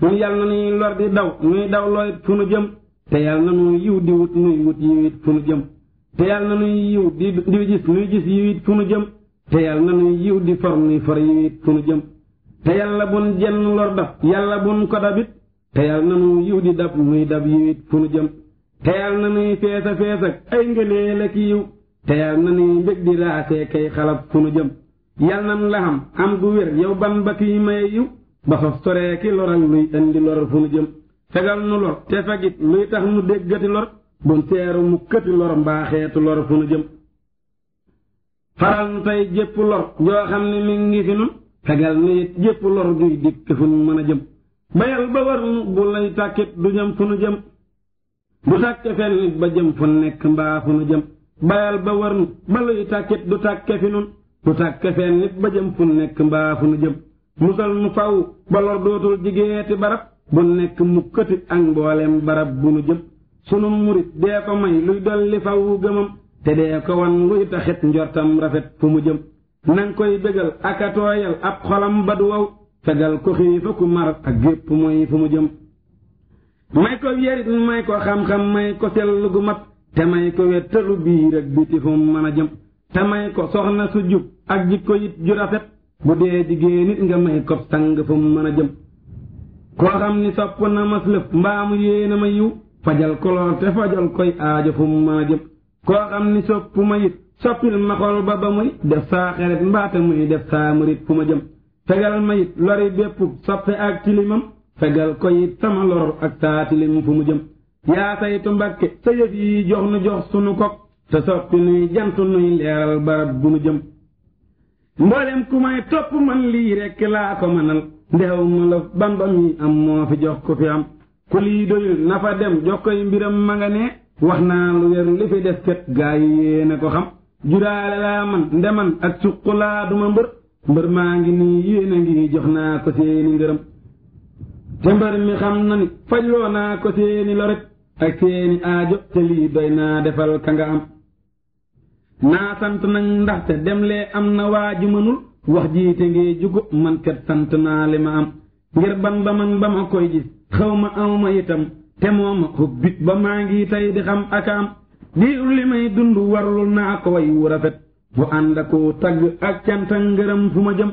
ñun yàlla na nuy lor di daw nuy daw lowet fu nu jëm te yàlla na nu yiw di wut nuy wut yiw fu nu jëm te yàlla na nuy yiw di di gis nuy gis yiw fu nu jëm te yàlla na nuy yiw di for nuy for yiw fu nu jëm te yàlla bun jenn lor daf yàlla bun ko dabit te na nu yiw di dab nuy dab te yàlla na nuy feesa fees ak ay ngëneel ak yiw te yàlla na nuy mbég di raasee kay xalab fu nu jëm yàlla nan la xam am gu wér yow ban ba kiy maye yiw ba fa soree loral nuy andi lor fu nu jëm fegal nu lor te fagit luy tax nu déggati lor bun teeru mu këti lor mbaa xeetu lor fu nu jëm faral nu tey jépp lor yoo xam ne mi ngi fi nun fegal nu jépp lor guy dikk fu mën a jëm bayal ba war nu bu lay tàkkit du jëm fu nu jëm du tàkke fenn nit ba jëm fu nekk mbaa fu nu jëm bayal ba war nu ba luy tàkkit du tàkke fi nun du tàkke fenn nit ba jëm fu nekk mbaa fu nu jëm musal nu faw ba lor dootul jigéeti barab bu nekk mu këti ak mboolem barab bu mu jëm sunu murit dee ko may luy dolli fawu gëmam te dee ko wan luy taxit njortam rafet fu mu jëm nang koy bégal ak tooyal ab xolam ba du wow fegal ko xiifa ku mar ak gépp mooy fu mu jëm may ko yerit may ko xam-xam may ko sell gu mat te may ko wettalu biir ak biti fu mu mën a jëm te may ko soxna su jub ak jikko yit ju rafet bu dee jigéen nga may ko sang fu mu mën a jëm koo xam ni sopp na maslëf mbaamu yéena ma yiw fajal ko lool te fajal koy aajo fu mu a jëm koo xam ni sopp ma it soppil ma xol ba ba muy def saa xarit mbaate muy def saa fu ma jëm fegal ma it lori bépp soppe ak tilimam fegal ko it sama lor ak saa tilim fu mu jëm yaa saytu mbàkke sa yëf yi jox nu jox sunu kok te soppi jant nuy leeral barab bu nu jëm mboolem ku may topp man lii rekk laa ko mënal ndeew ma la bamba mi am moo fi jox ko fi am ku lii doyul na fa dem jox koy mbiram ma nga ne wax naa lu wér li fi des kat gaa yi yéena ko xam juraale laa man ndeman ak suq laa duma mbër mbër maa ngi nii yéen a ngi jox naa ko seeni ngërëm te mbër mi xam na ni fajloo naa ko seeni loret ak seeni aajo te lii doy naa defal ka am naa sant nañ ndaxte dem lee am na waa ji mënul wax jiite ngee jugu man kat sant naa li am ngir ba man ba koy gis xaw ma itam te mooma hubbit ba maa ngi tey di xam ak am diiru li may dund warlu naa ko way wu rafet bu ànd akoo tagg ak cant ak ngërëm fu ma jëm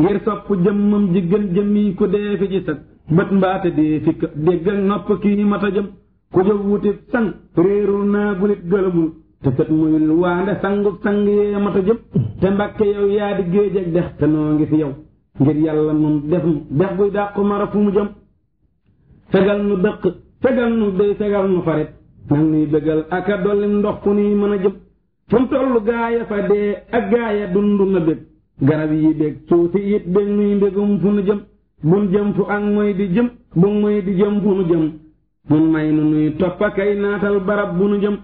ngir sopp jëmmam ji gën jëmmi ku dee fi ci sag bët mbaate dee fi dégg ak nopp kii mata jëm ku jóg wutit sang réerul naa gulit gëlëmul te kat muy lu waande sangub sang yee mata jëpp te mbàkke yow yaa di géej ak dex te noo ngi fi yow ngir yàlla moom def nu dex buy dàqu mara fu mu jëm fegal nu dëq fegal nu day fegal nu farit nag nuy bégal ak a dolli ndox fu nuy mën a jëm fu mu toll gaaya fa dee ak gaaya dundu na bég garab yi bég suuf it bég nuy mbégum fu nu jëm bun jëm fu ak moy di jëm bu moy di jëm fu nu jëm mun may nu nuy topp akay naatal barab bu nu jëm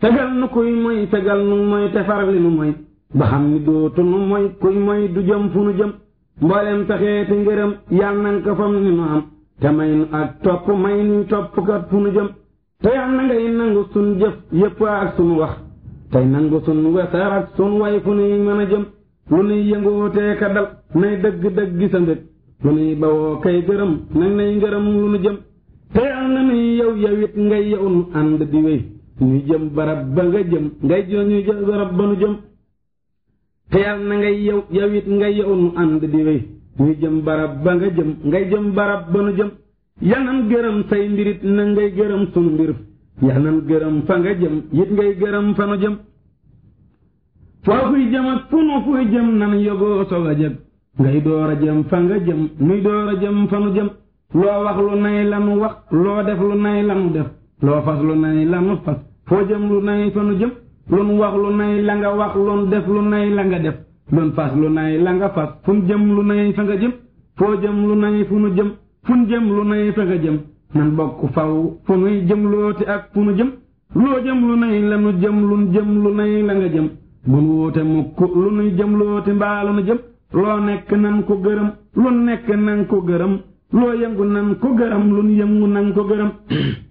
tegal nu kuy moy tegal nu moy te faral li moy ba xam ni dootu nu moy kuy moy du jëm fu nu jëm mboolem taxee te ngërëm yàlla na nga ko fam ni nu am te may nu ak topp may nuy toppkat fu nu jëm te yàlla na nangu sun jëf yépp ak sunu wax tey nangu sun wesaar ak sun way fu nuy mën a jëm lu nuy yëngoo ka dal nay dëgg-dëgg gisa mbég lu nuy bawoo kay gërëm nag nay ngërëm lu nu jëm te yàlla na nuy yow yow ngay yow ànd di wéy ñu jëm barab ba nga jëm ngay jëm barab ba nu jëm te na ngay yow yow nga yow nu ànd di wéy ñu jëm barab ba nga jëm ngay jëm barab ba nu jëm yanan gërëm say mbirit na ngay gërëm sunu mbir yanan gërëm fa nga jëm it ngay gërëm fa nu jëm foo fuy jëm ak fu nu fuy jëm nan yóbboo soog a jëm ngay door a jëm fa nga jëm nuy door a jëm fa nu jëm loo wax lu nay lanu wax loo def lu nay lanu def loo fas lu nay lanu fas foo jëm lu nay fa nu jëm loon wax lu nay la nga wax loon def lu nay la nga def loon fas lu nay la nga fas fu nu jëm lu nay fa nga jëm foo jëm lu nay fu nu jëm fu nu jëm lu nay fa nga jëm nan bokk faw fu nuy jëm looti ak fu nu jëm loo jëm lu nay la nu jëm lu jëm lu nay la nga jëm bun wóote mukk lu nuy jëm looti mbaa lu nu jëm loo nekk nan ko gërëm lu nekk nan ko gërëm loo yëngu nan ko gërëm lu nu yëngu nan ko gërëm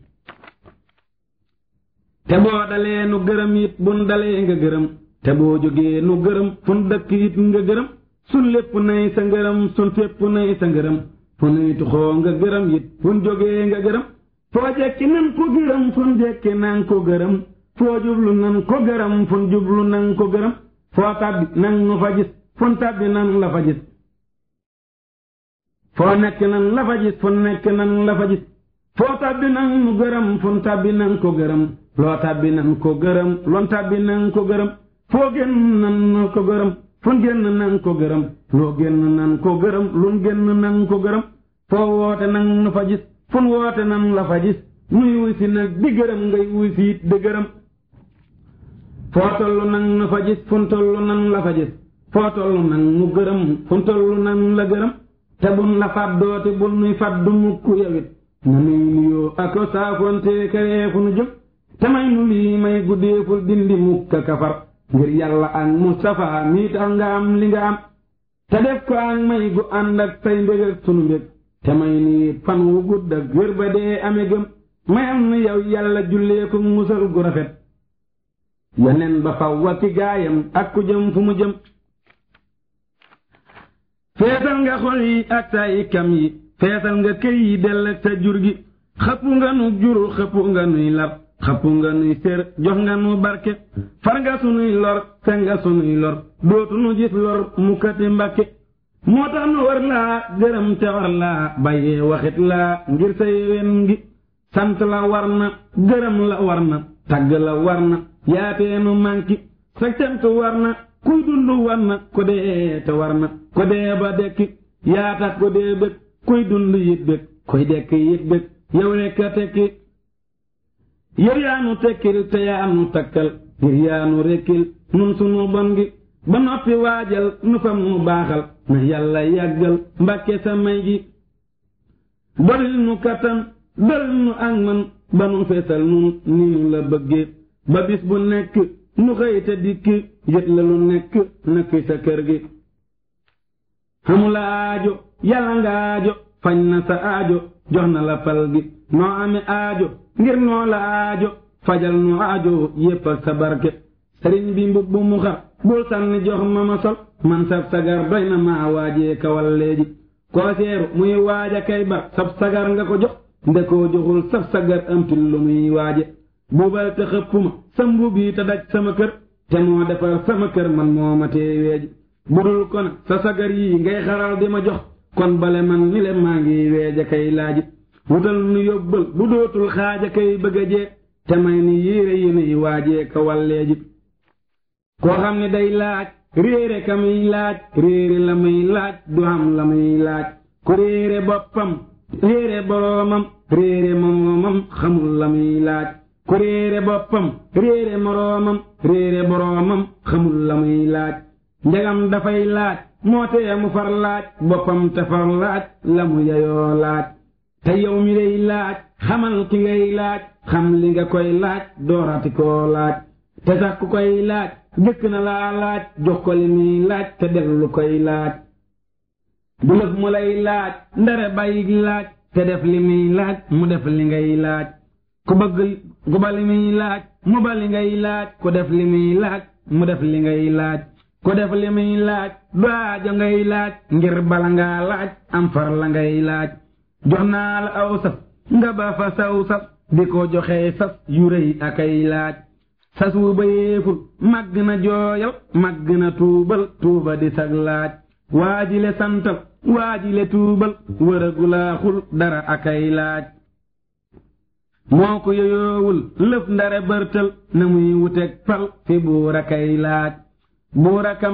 te boo dalee nu gërëm it bun dalee nga gërëm te boo jógee nu gërëm fun dëkk it nga gërëm sun lépp nay sa ngërëm sun fépp nay sa ngërëm fu nuy tuxoo nga gërëm it fun jógee nga gërëm foo jekki nan ko gërëm fun jekki nan ko gërëm foo jublu nan ko gërëm fun jublu nan ko gërëm foo tàbbi nan nu fa fun tàbbi nan la fa nekk nan la fun nekk nan la fa foo tàbbi nang nu gërëm fun tàbbi nang ko gërëm loo tàbbi nang ko gërëm lon tàbbi ko gërëm foo génn nan ko gërëm fun génn nang ko gërëm loo génn nan ko gërëm lun génn nang ko gërëm foo woote nang nu fa gis fun woote nan la fa gis nuy wusi nag di gërëm ngay wusi it di gërëm foo toll nang nu fa gis fun toll nan la fa gis foo toll nang nu gërëm fun toll nan la gërëm te bun la fàddooti bun nuy fàddu mukk yawit na nuy nuyoo ak saafonte karee fu nu jóg te nu lii may guddeeful dindi mukka kafar ngir yàlla ak Mustafa mii tax nga am li nga am te def ko ak may gu ànd say mbég sunu mbég te may fan wu gudd ba dee ame gëm may am na yow yàlla jullee ko musal gu rafet yeneen ba faw ak gaayam ak ku jëm fu mu jëm feetal nga xol yi ak kam yi feesal nga këy yi dell ak sa jur gi xëppu nga nu jur xëppu nga nuy lar xëppu nga nuy sér jox nga nu barke far nga sunuy lor se nga sunuy lor dootu nu gis lor mukkati mbàkke moo tax nu war laa gërëm te war laa bàyyee waxit laa ngir sa yéwén gi sant la war na gërëm la war na tagg la war na yaateenu mànki sa cant war na kuy dund war na ku dee te war na ku dee ba dekki yaataat ku dee bët koy dund yit bëgg koy dekk yit bëgg yow rekk a tekki yow yaa nu tekkil te yaa nu takkal ngir yaa nu rekkil nun sunu bon gi ba noppi waajal nu fam nu baaxal na yàlla yàggal mbàkke sa may gi doril nu kattan doril nu ak man ba nu feesal nun ni nu la bëggee ba bis bu nekk nu xëy te dikki la lu nekk nakki sa kër gi xamulaajo yàlla ngaajo fañ na sa aajo jox na la fal gi noo ame aajo ngir noo la aajo fajal noo aajo yépp ak sa barke sëriñ bi mbubb mu xar bul sànni jox ma ma sol man sab sagar doy na maa waajee kawal léegi kooseeru muy waaja kay bar sagar nga ko jox ndekoo joxul sab sagar amtil lu muy waaje buubal te xëpp ma sa mbubb yi sama kër te moo defar sama kër man moo ma teeweeji bu dul kon sa sagar yi ngay xaral di ma jox kon bale man mi le maa ngi weeja kay laajit wutal nu yóbbal bu dootul xaaja kay bëgg a jeeg te may ni yéere yi nuy waajee ka koo xam ne day laaj réere ka muy laaj réere la muy laaj du xam la muy laaj ku réere boppam réere boroomam réere moroomam xamul la muy laaj ku réere boppam réere moroomam réere boroomam xamul la muy laaj ndegam dafay laaj moo teye mu far laaj boppam te far laaj la mu yeyoo laaj te yow mi lay laaj xamal ki ngay laaj xam li nga koy laaj doorati laaj te sax koy laaj jëkk na laa laaj jox ko li muy laaj te def koy laaj du mu lay laaj ndare bàyyi laaj te def li muy laaj mu def li ngay laaj ku bëgg ku ba li muy laaj mu ba li ngay laaj ku def li muy laaj mu def li ngay laaj ku def li muy laaj du aajo ngay laaj ngir bala ngaa laaj am far la laaj jox naa la aw sas nga ba fa saw sas di ko joxee sas yu rëy akay laaj sas wu bayeeful màgg na jooyal màgg na tuubal tuuba di sag laaj waajile santal waajile tuubal wëragulaaxul dara akay laaj moo ko yoyoowul lëf ndare bërtal na muy wuteeg pal fi buur akay laaj buur ak a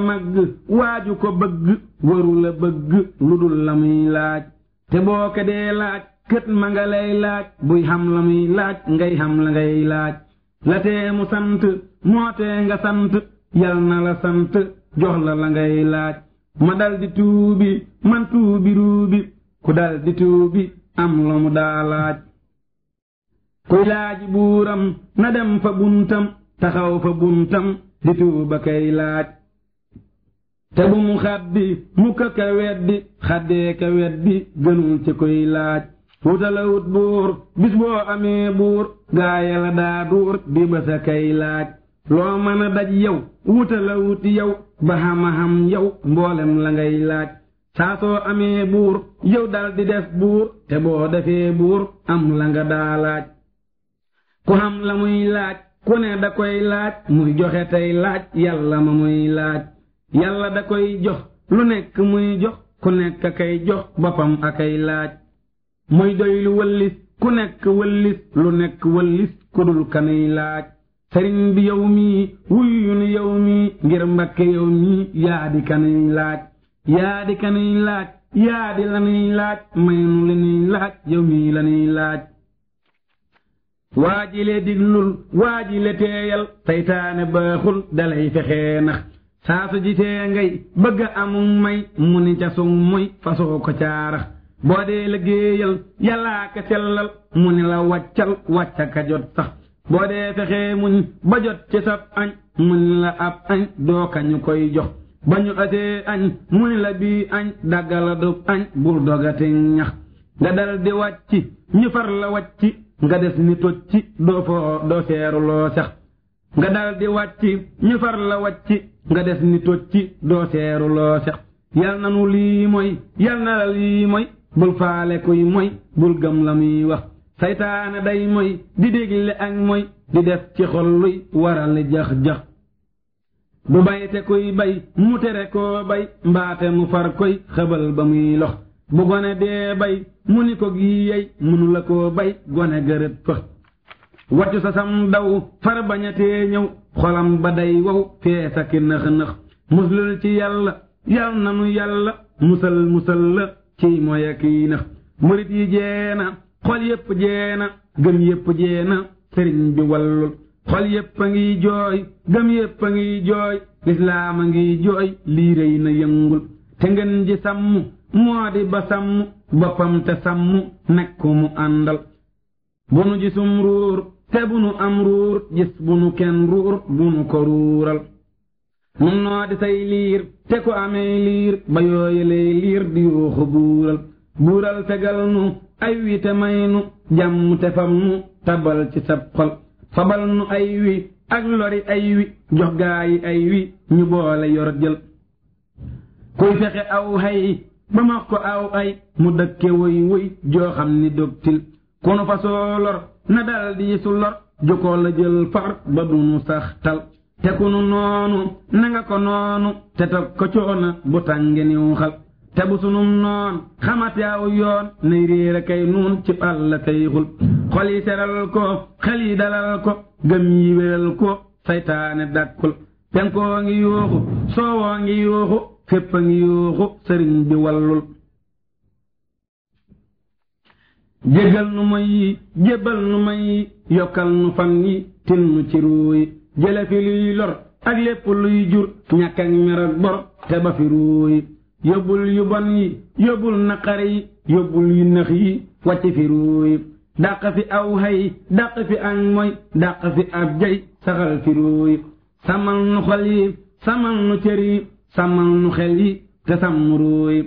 waaju ko bëgg warula bëgg lu dul la muy laaj te boo kedee laaj kët ma nga lay laaj buy xam la muy laaj ngay xam la ngay laaj la tee mu sant moo nga sant yal na la sant jox la la ngay laaj ma dal di tuubi man tuubi ruubi ku dal di tuubi am la mu daa laaj kuy laaji buuram na dem fa buntam taxaw fa buntam di tuuba kay laaj te bu mu xaddi mukk ka weddi xaddee ka weddi gënul ci koy laaj wutalawut buur bis boo amee buur gaaya la daa duur di bësa kay laaj loo mën a daj yow wutalawut yow ba xam-xam yow mboolem la ngay laaj saa soo amee buur yow dal di def buur te boo defee buur am la nga daa laaj ku xam la muy laaj ku ne da koy laaj muy joxe tey laaj yàlla ma muy laaj yàlla da koy jox lu nekk muy jox ku nekk akay jox boppam akay laaj muy doylu wëllis ku nekk wëllis lu nekk wëllis ku dul kanuy laaj sëriñ bi yow mii wuyu nu yow mii ngir mbakke yow mii yaa di kanuy laaj yaa ka kanuy laaj yaa la lanuy laaj may nu lanuy laaj yow mii lanuy laaj waa ji le diglul waa ji le teeyal saytaane baaxul dalay fexee nax saasu ji tee ngay bëgg amum may mu ni ca muy fasoo ko caara boo dee liggéeyal yàllaa ka sellal mu ni la wàccal wàcca ka jot sax boo dee fexee muñ ba jot ci sab añ mu la ab añ doo ka ñu koy jox ba ñu atee añ mu la bii añ daggala dub añ bul dogati ñax nga dal di wàcci ñu la wàcci nga des ni toj ci doo foo doo seeruloo nga dal di wàcc ñu far la wàcc nga des ni toj ci doo seeruloo sax yal na nu lii mooy yal na la lii mooy bul faale kuy mooy bul gëm la muy wax seytaane day mooy di dégle ak mooy di def ci xol luy waral jax-jax du bay te kuy bay mu tere koo bay mbaate mu far koy xëbal ba muy lox bu gone dee bay mu ni ko gii yey mënu la koo bay gone gërët ko waccu sa sam daw far bañatee ñëw xolam ba day wow fees ak nëx-nëx muslul ci yàlla yal na nu yàlla musal musal la ci mooy ak yi nëx murit yi jeena xol yépp jeena gëm yépp jeena sëriñ bi wallul xol yépp ngi jooy gëm yépp ngi jooy lislaam ngi jooy lii rëy na yëngul te ngeen ji sàmm moo di ba sàmm boppam te sàmm nekk ku mu àndal bu nu gisum ruur te bu am ruur gis bu nu ruur bu ko ruural nun noo di say liir te ko amee liir ba yooyaley liir di yuuxu buural buural tegal nu ay wi te may nu jàmm te fam nu tabal ci sab xol fabal nu ay wi ak lori ay wi jox gaayi ay wi ñu boole yor jël kuy fexe aw hay ba ma ko aw ay mu dëkke woy woy joo xam ni dogtil konu fasoo lor na dal lor jokoo la jël far ba dunu sax tal te kunu noonu na nga ko noonu te teg ko coona bu tànge niw xal te bu sunum noon xamate aw yoon nay réer a kay nuun ci àll tey xul xol yi seral ko xel yi dalal ko gëm yi wéral ko saytaane dàkkul penkoo ngi yuuxu soowoo yuuxu fépp a ngi yuuxu sëriñ bi wallul jégal nu may yi jébal nu may yi yokkal nu fan yi til nu ci ruu yi jële fi luy lor ak lépp luy jur ñàkk ak mer te ba fi ruu yi yóbbul yu bon yi yóbbul naqare yi yu nëx yi wàcc fi ruu yi dàq fi aw hay dàq fi ak moy fi ab saxal fi ruu samal nu xol samal nu cër sàmmal nu xel yi te sàmm ruuy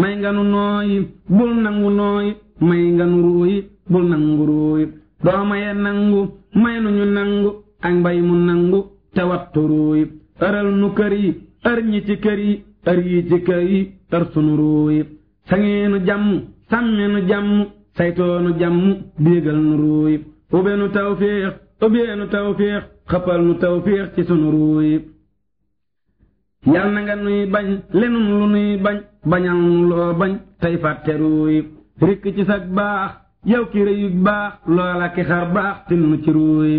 may nga nu nooyi bul nangu nooyi may nga nu ruuyi bul nangu ruuy doo maye nangu may nu ñu nangu ak mbay mu nangu te wattu ruuy ëral nu kër yi ër ñi ci kër yi ër yi ci kër yi ër sunu ruuy sangeenu jàmm sàmmeenu jàmm saytoonu jàmm biigal nu ruuy ubeenu tawfiix ubeenu tawfiix xëppal nu tawfiix ci sunu ruuy yal na nga nuy bañ lenum lu nuy bañ bañal loo bañ tey fàtte ruuy rikk ci sag baax yow ki rëyu baax loola ki baax te ci ruuy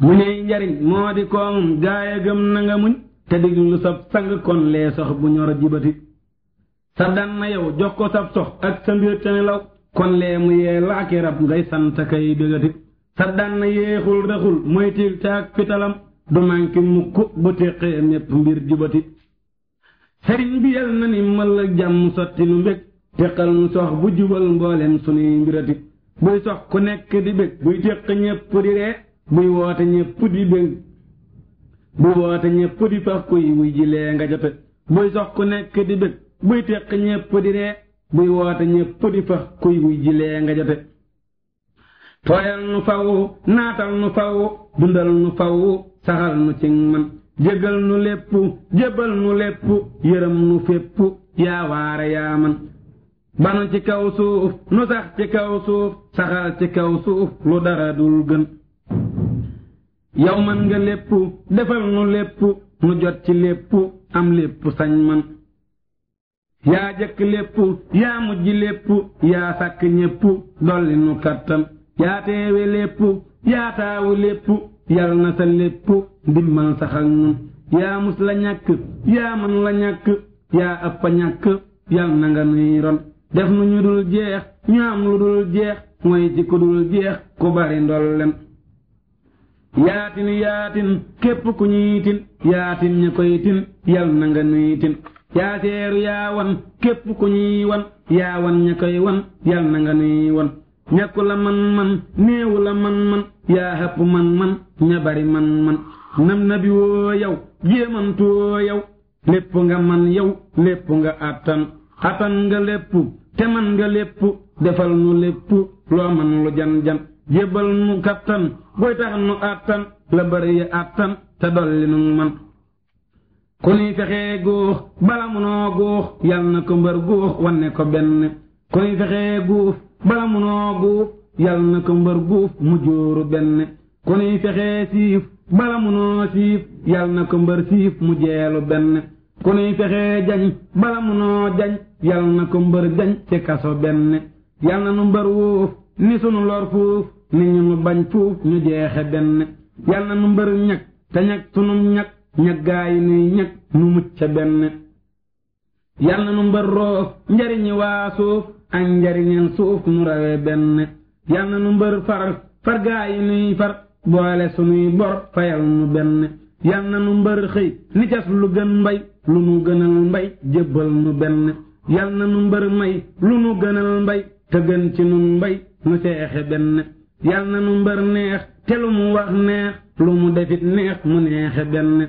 mu ñuy njariñ moo di koomum gaaya gëm na nga muñ te diglu sab sang kon lee sox bu ñor a jibati sa dan na yow jox ko sab sox ak sa mbir te nelaw kon lee mu yee laaki rab ngay sant kay bégati te daan na yéexul rëxul moytil te ak fitalam du manki mukk bu téqee mépp mbir jubati sëriñ bi yal na ni mël jàmm sotti nu mbég téqal nu sox bu jubal mboolem sunuy mbirati buy sox ku nekk di bég buy téq ñépp di ree buy woote ñépp di bég kuy wuy jilee nga jote buy sox ku nekk di bég buy téq ñépp di ree buy woote ñépp di faf kuy wuy jilee nga jote tooyal nu faw naatal nu faw dundal nu faw saxal nu ci man jégal nu lépp jébal nu lépp yërëm nu fépp yaa waare yaa man banu ci kaw suuf nu sax ci kaw suuf saxal ci kaw suuf lu dara dul gën yow man nga lépp defal nu lépp nu jot ci lépp am lépp sañ man yaa jëkk lépp yaa mujj lépp yaa sàkk ñépp dolli nu kattan yaateewe lépp yaataawu lépp yal na sa lépp ndimmal saxal nun yaa mus la ñàkk yaa man la ñàkk yaa ëpp ñàkk yal na nga nuy ron def nu ñu dul jeex ñu am lu dul jeex mooy ci ku dul jeex ku bari ndollem yaatin yaatin képp ku ñuyitin yaatin ña koyitin yal na nga nuyitin yaa seeru yaa wan képp ku ñuy wan yaa wan ña koy wan yal na nga nuy wan ñàkku la man-man néewu la man-man yaa xapp man-man ña bari man-man nam nabi woo yow jéemantuwoo yow lépp nga man yow lépp nga àttan àttan nga lépp te man nga lépp defal nu lépp loo man lu jan-jan jébbal nu kattan boy tax nu àttan la bari àttan te dolli nu man ku nuy bala munoo góox yal na ko mbër wanne ko benn ku nuy bala munoo guuf yal na ko mbër guuf mu jóoru benn ku nuy siif bala munoo siif yal na ko mbër siif mu jeelu benn ku nuy fexee jañ bala munoo jañ yal na ko mbër jañ ci kaso benn yal na nu wuuf ni sunu lor fuuf ni ñu nu bañ fuuf ñu jeexe benn yal na nu mbër ñag te ñag sunum ñag ñaggaay nuy ñag nu mucc benn yal na nu roof njariñi waa suuf ak njariñal suuf nu rawe benn yal na nu mbër far far gaa yi nuy far boole sunuy bor fayal nu benn yal na nu mbër xëy ni cas lu gën mbay lu nu gënal mbay jébbal nu benn yal na nu mbër may lu nu gënal mbay te gën ci nun mbay nu seexe benn yal na nu mbër neex te lu mu wax neex lu mu defit neex mu neexe benn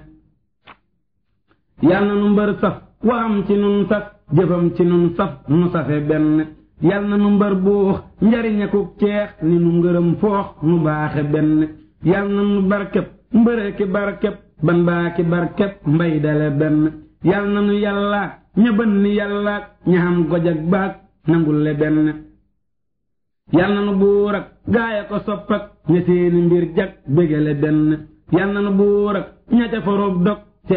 yal na nu mbër saf waxam ci nun saf jëfam ci nun saf nu safe benn yal na nu mbar buux njariñeku ceex ni nu ngërëm foox nu baaxe benn yal na nu barkeb mbëre ki barkeb ban baa ki barkeb mbay dale benn yal na nu yàllaak ña bën ni yàllaak ña xam gojak baak nangulle benn yal na nu buur ak gaaya ko soppak ña seeni mbir jak bégale benn yal na nu buur ak ña ca forob dog ci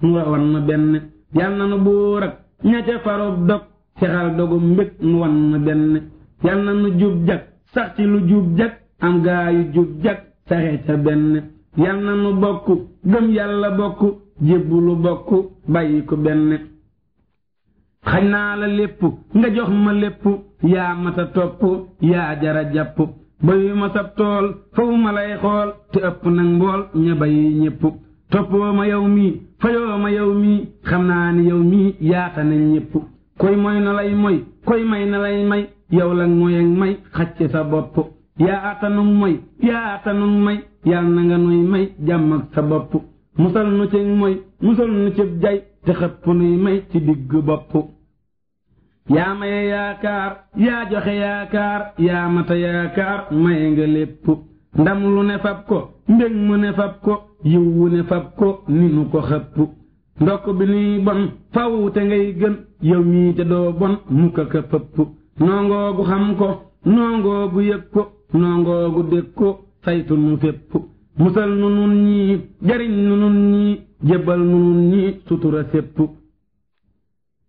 nu rawan ma benn yal na nu buur ak ña ca farub dog sexal dogu mbég nu wan benn yal na nu jub jag sax ci lu gaayu jub jag saxe ca benn yal na nu bokk gëm yàlla bokk jébbu lu bokk bàyyi ko benn xañ naa la lépp nga jox ma lépp yaa mata topp yaa jara jàpp bayu ma sab tool te ëpp nag mbool ña bayi toppoo ma yow mii fayoo ma yow mii xam naa ne yow mii yaata nañ ñépp koy moy na lay moy koy may na lay may yow la mooy ak may xacc sa bopp yaa atanug moy yaa atanug may yal na nga nuy may jàmm sa bopp musal nu cig moy musal nu cib jay te xëpp nuy may ci digg bopp yaa maye yaakaar yaa joxe yaakaar yaa yaakaar maye nga lépp ndam lu ne fab ko mbég mu ne fab ko yiw wu ne fab ko ni nu ko xëpp ndokk bi nuy bon faw te ngay gën yow mii te doo bon mu ko ka pëpp nongoo gu xam ko nongoo gu yëg ko nongoo gu dég ko saytu nu fépp musal nu nun ñii jariñ nu nun ñii jébbal nu nun ñii sutura sépp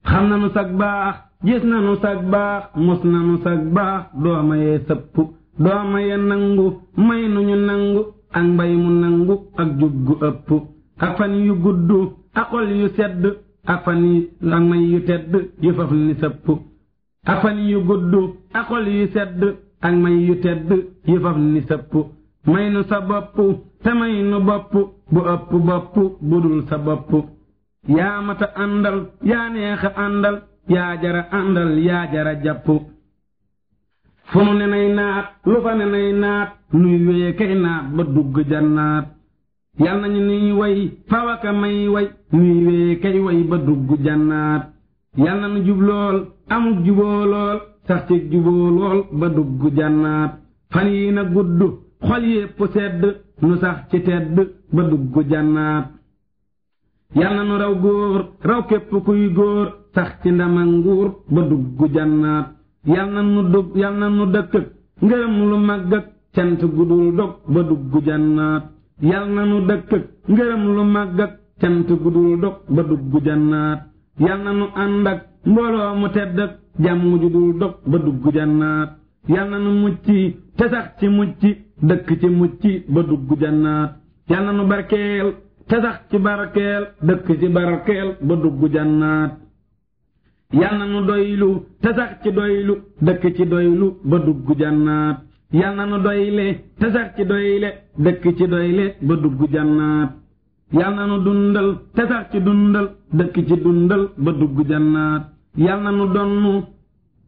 xam na nu sag baax gis na nu sag baax mos na nu sag baax doomayee sëpp dooma ya nangu may nu ñu nangu ak mbay mu nangu ak jub gu ëpp ak fan yu gudd ak yu sedd ak fan ak may yu tedd yu faf ni sëpp ak fan yu gudd ak yu sedd ak may yu tedd yu faf ni sëpp may nu sa bopp te may nu bopp bu ëpp bopp bu dul sa bopp yaa mata a yaa neexa yaa jara àndal yaa jara jàpp fu nu ne nay naat lu fa ne nay naat nuy weye kay naat ba dugg jannaat yal nañu nuy way fawaka may way nuy weye kay way ba dugg jannaat yal na nu jub lool amuk juboo lool sax ci juboo ba dugg jannaat fan yi na gudd xol yépp sedd nu sax ci tedd ba dugg jannaat yal na nu raw góor raw képp kuy góor sax ci ndama nguur ba dugg jannaat yal na nu dug yal na nu dëkk ngërëm lu màgg ak cant gudul dog ba dugg jannaat yal na nu dëkk ngërëm lu màgg ak cant gudul dog ba dugg jannaat yal na nu ànd ak mbooloo mu tedd ak jàmm ju dul ba dugg jannaat yal na nu mucc te sax ci mucc dëkk ci mucc ba dugg jannaat yal na nu barkeel te sax ci barkeel dëkk ci barkeel ba dugg jannaat yal na nu doylu te sax ci doylu dëkk ci doylu ba dugg jannaat yal na nu doyle te sax ci doyle dëkk ci doyle ba dugg jannaat yal na nu dundal te sax ci dundal dëkk ci dundal ba dugg jannaat yal na nu donnu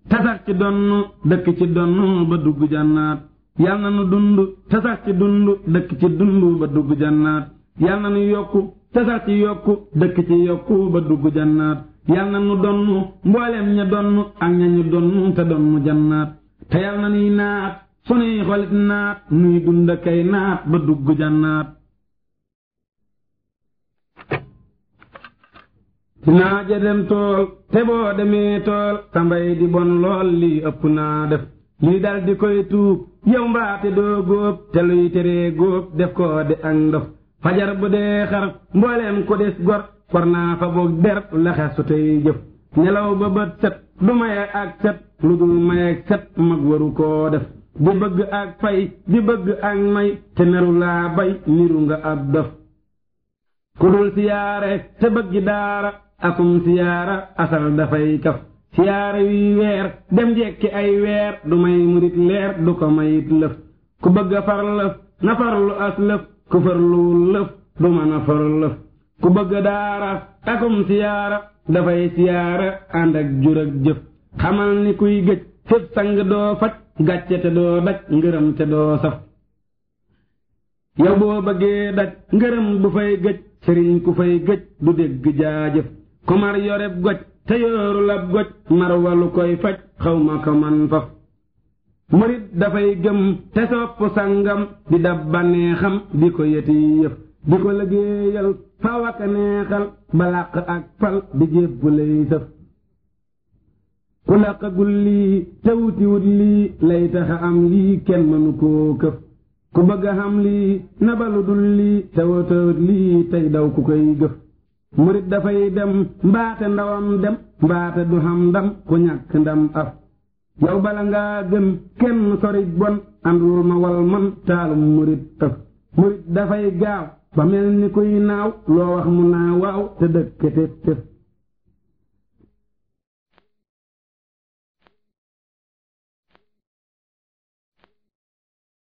te sax ci donnu dëkk ci donnu ba dugg jannaat yal na nu dund te sax ci dund dëkk ci dund ba dugg jannaat yal na nu yokku te sax ci yokku dëkk ci yokku ba dugg jannaat yal na nu donnu mboolem ña donnu ak ña ñu donnu te donnu jannaat te yal na nuy naat sunuy xolit naat nuy dund kay naat ba dugg jannaat dinaa ja dem tool te boo demee tool sa di bon lool lii ëpp naa def lii dal koy tuub yow mbaate doo góob te luy teree góob def ko de ak ndof fajar bu dee xar mbooleem ko des gor war naa fa boog der la xestu tey jëf nelaw ba bët set du maye ak set lu dul maye ak set mag waru koo def di bëgg ak fay di bëgg ak may te neru laa bay niru nga ab dof ku dul siyaare te bëggi daara akum siyaara asal dafay kaf siyaare yuy weer dem jekki ay weer du may murit leer du ko mayit lëf ku bëgg a far lëf na farlu as lëf ku farluwul lëf du mën a lëf ku bëgg daara takum siyaara dafay siyaara ànd ak jur ak jëf xamal ni kuy gëj fépp sang doo faj gàcce te doo daj ngërëm te doo saf yow boo bëggee daj ngërëm bu fay gëj sëriñ ku fay gëj du dégg jaajëf kumar yoreb goj te yooru lab goj mar koy faj xaw ko man faf murit dafay gëm te sopp sangam di dab bànneexam di ko yëti yëf di ko liggéeyal faw ak neexal ba ak fal di jébbu lay sëf ku làqagul lii te lii lay taxa am lii kenn mënu koo këf ku bëgg xam lii nabalu dul lii te lii tey daw ku koy gëf murit dafay dem mbaate ndawam dem mbaate du xam ndam ku ñàkk ndam af yow bala ngaa gëm kenn sori bon àndul ma wal man taalum murit af murit dafay gaaw ba mel ni kuy naaw loo wax mu naa waaw te dëkk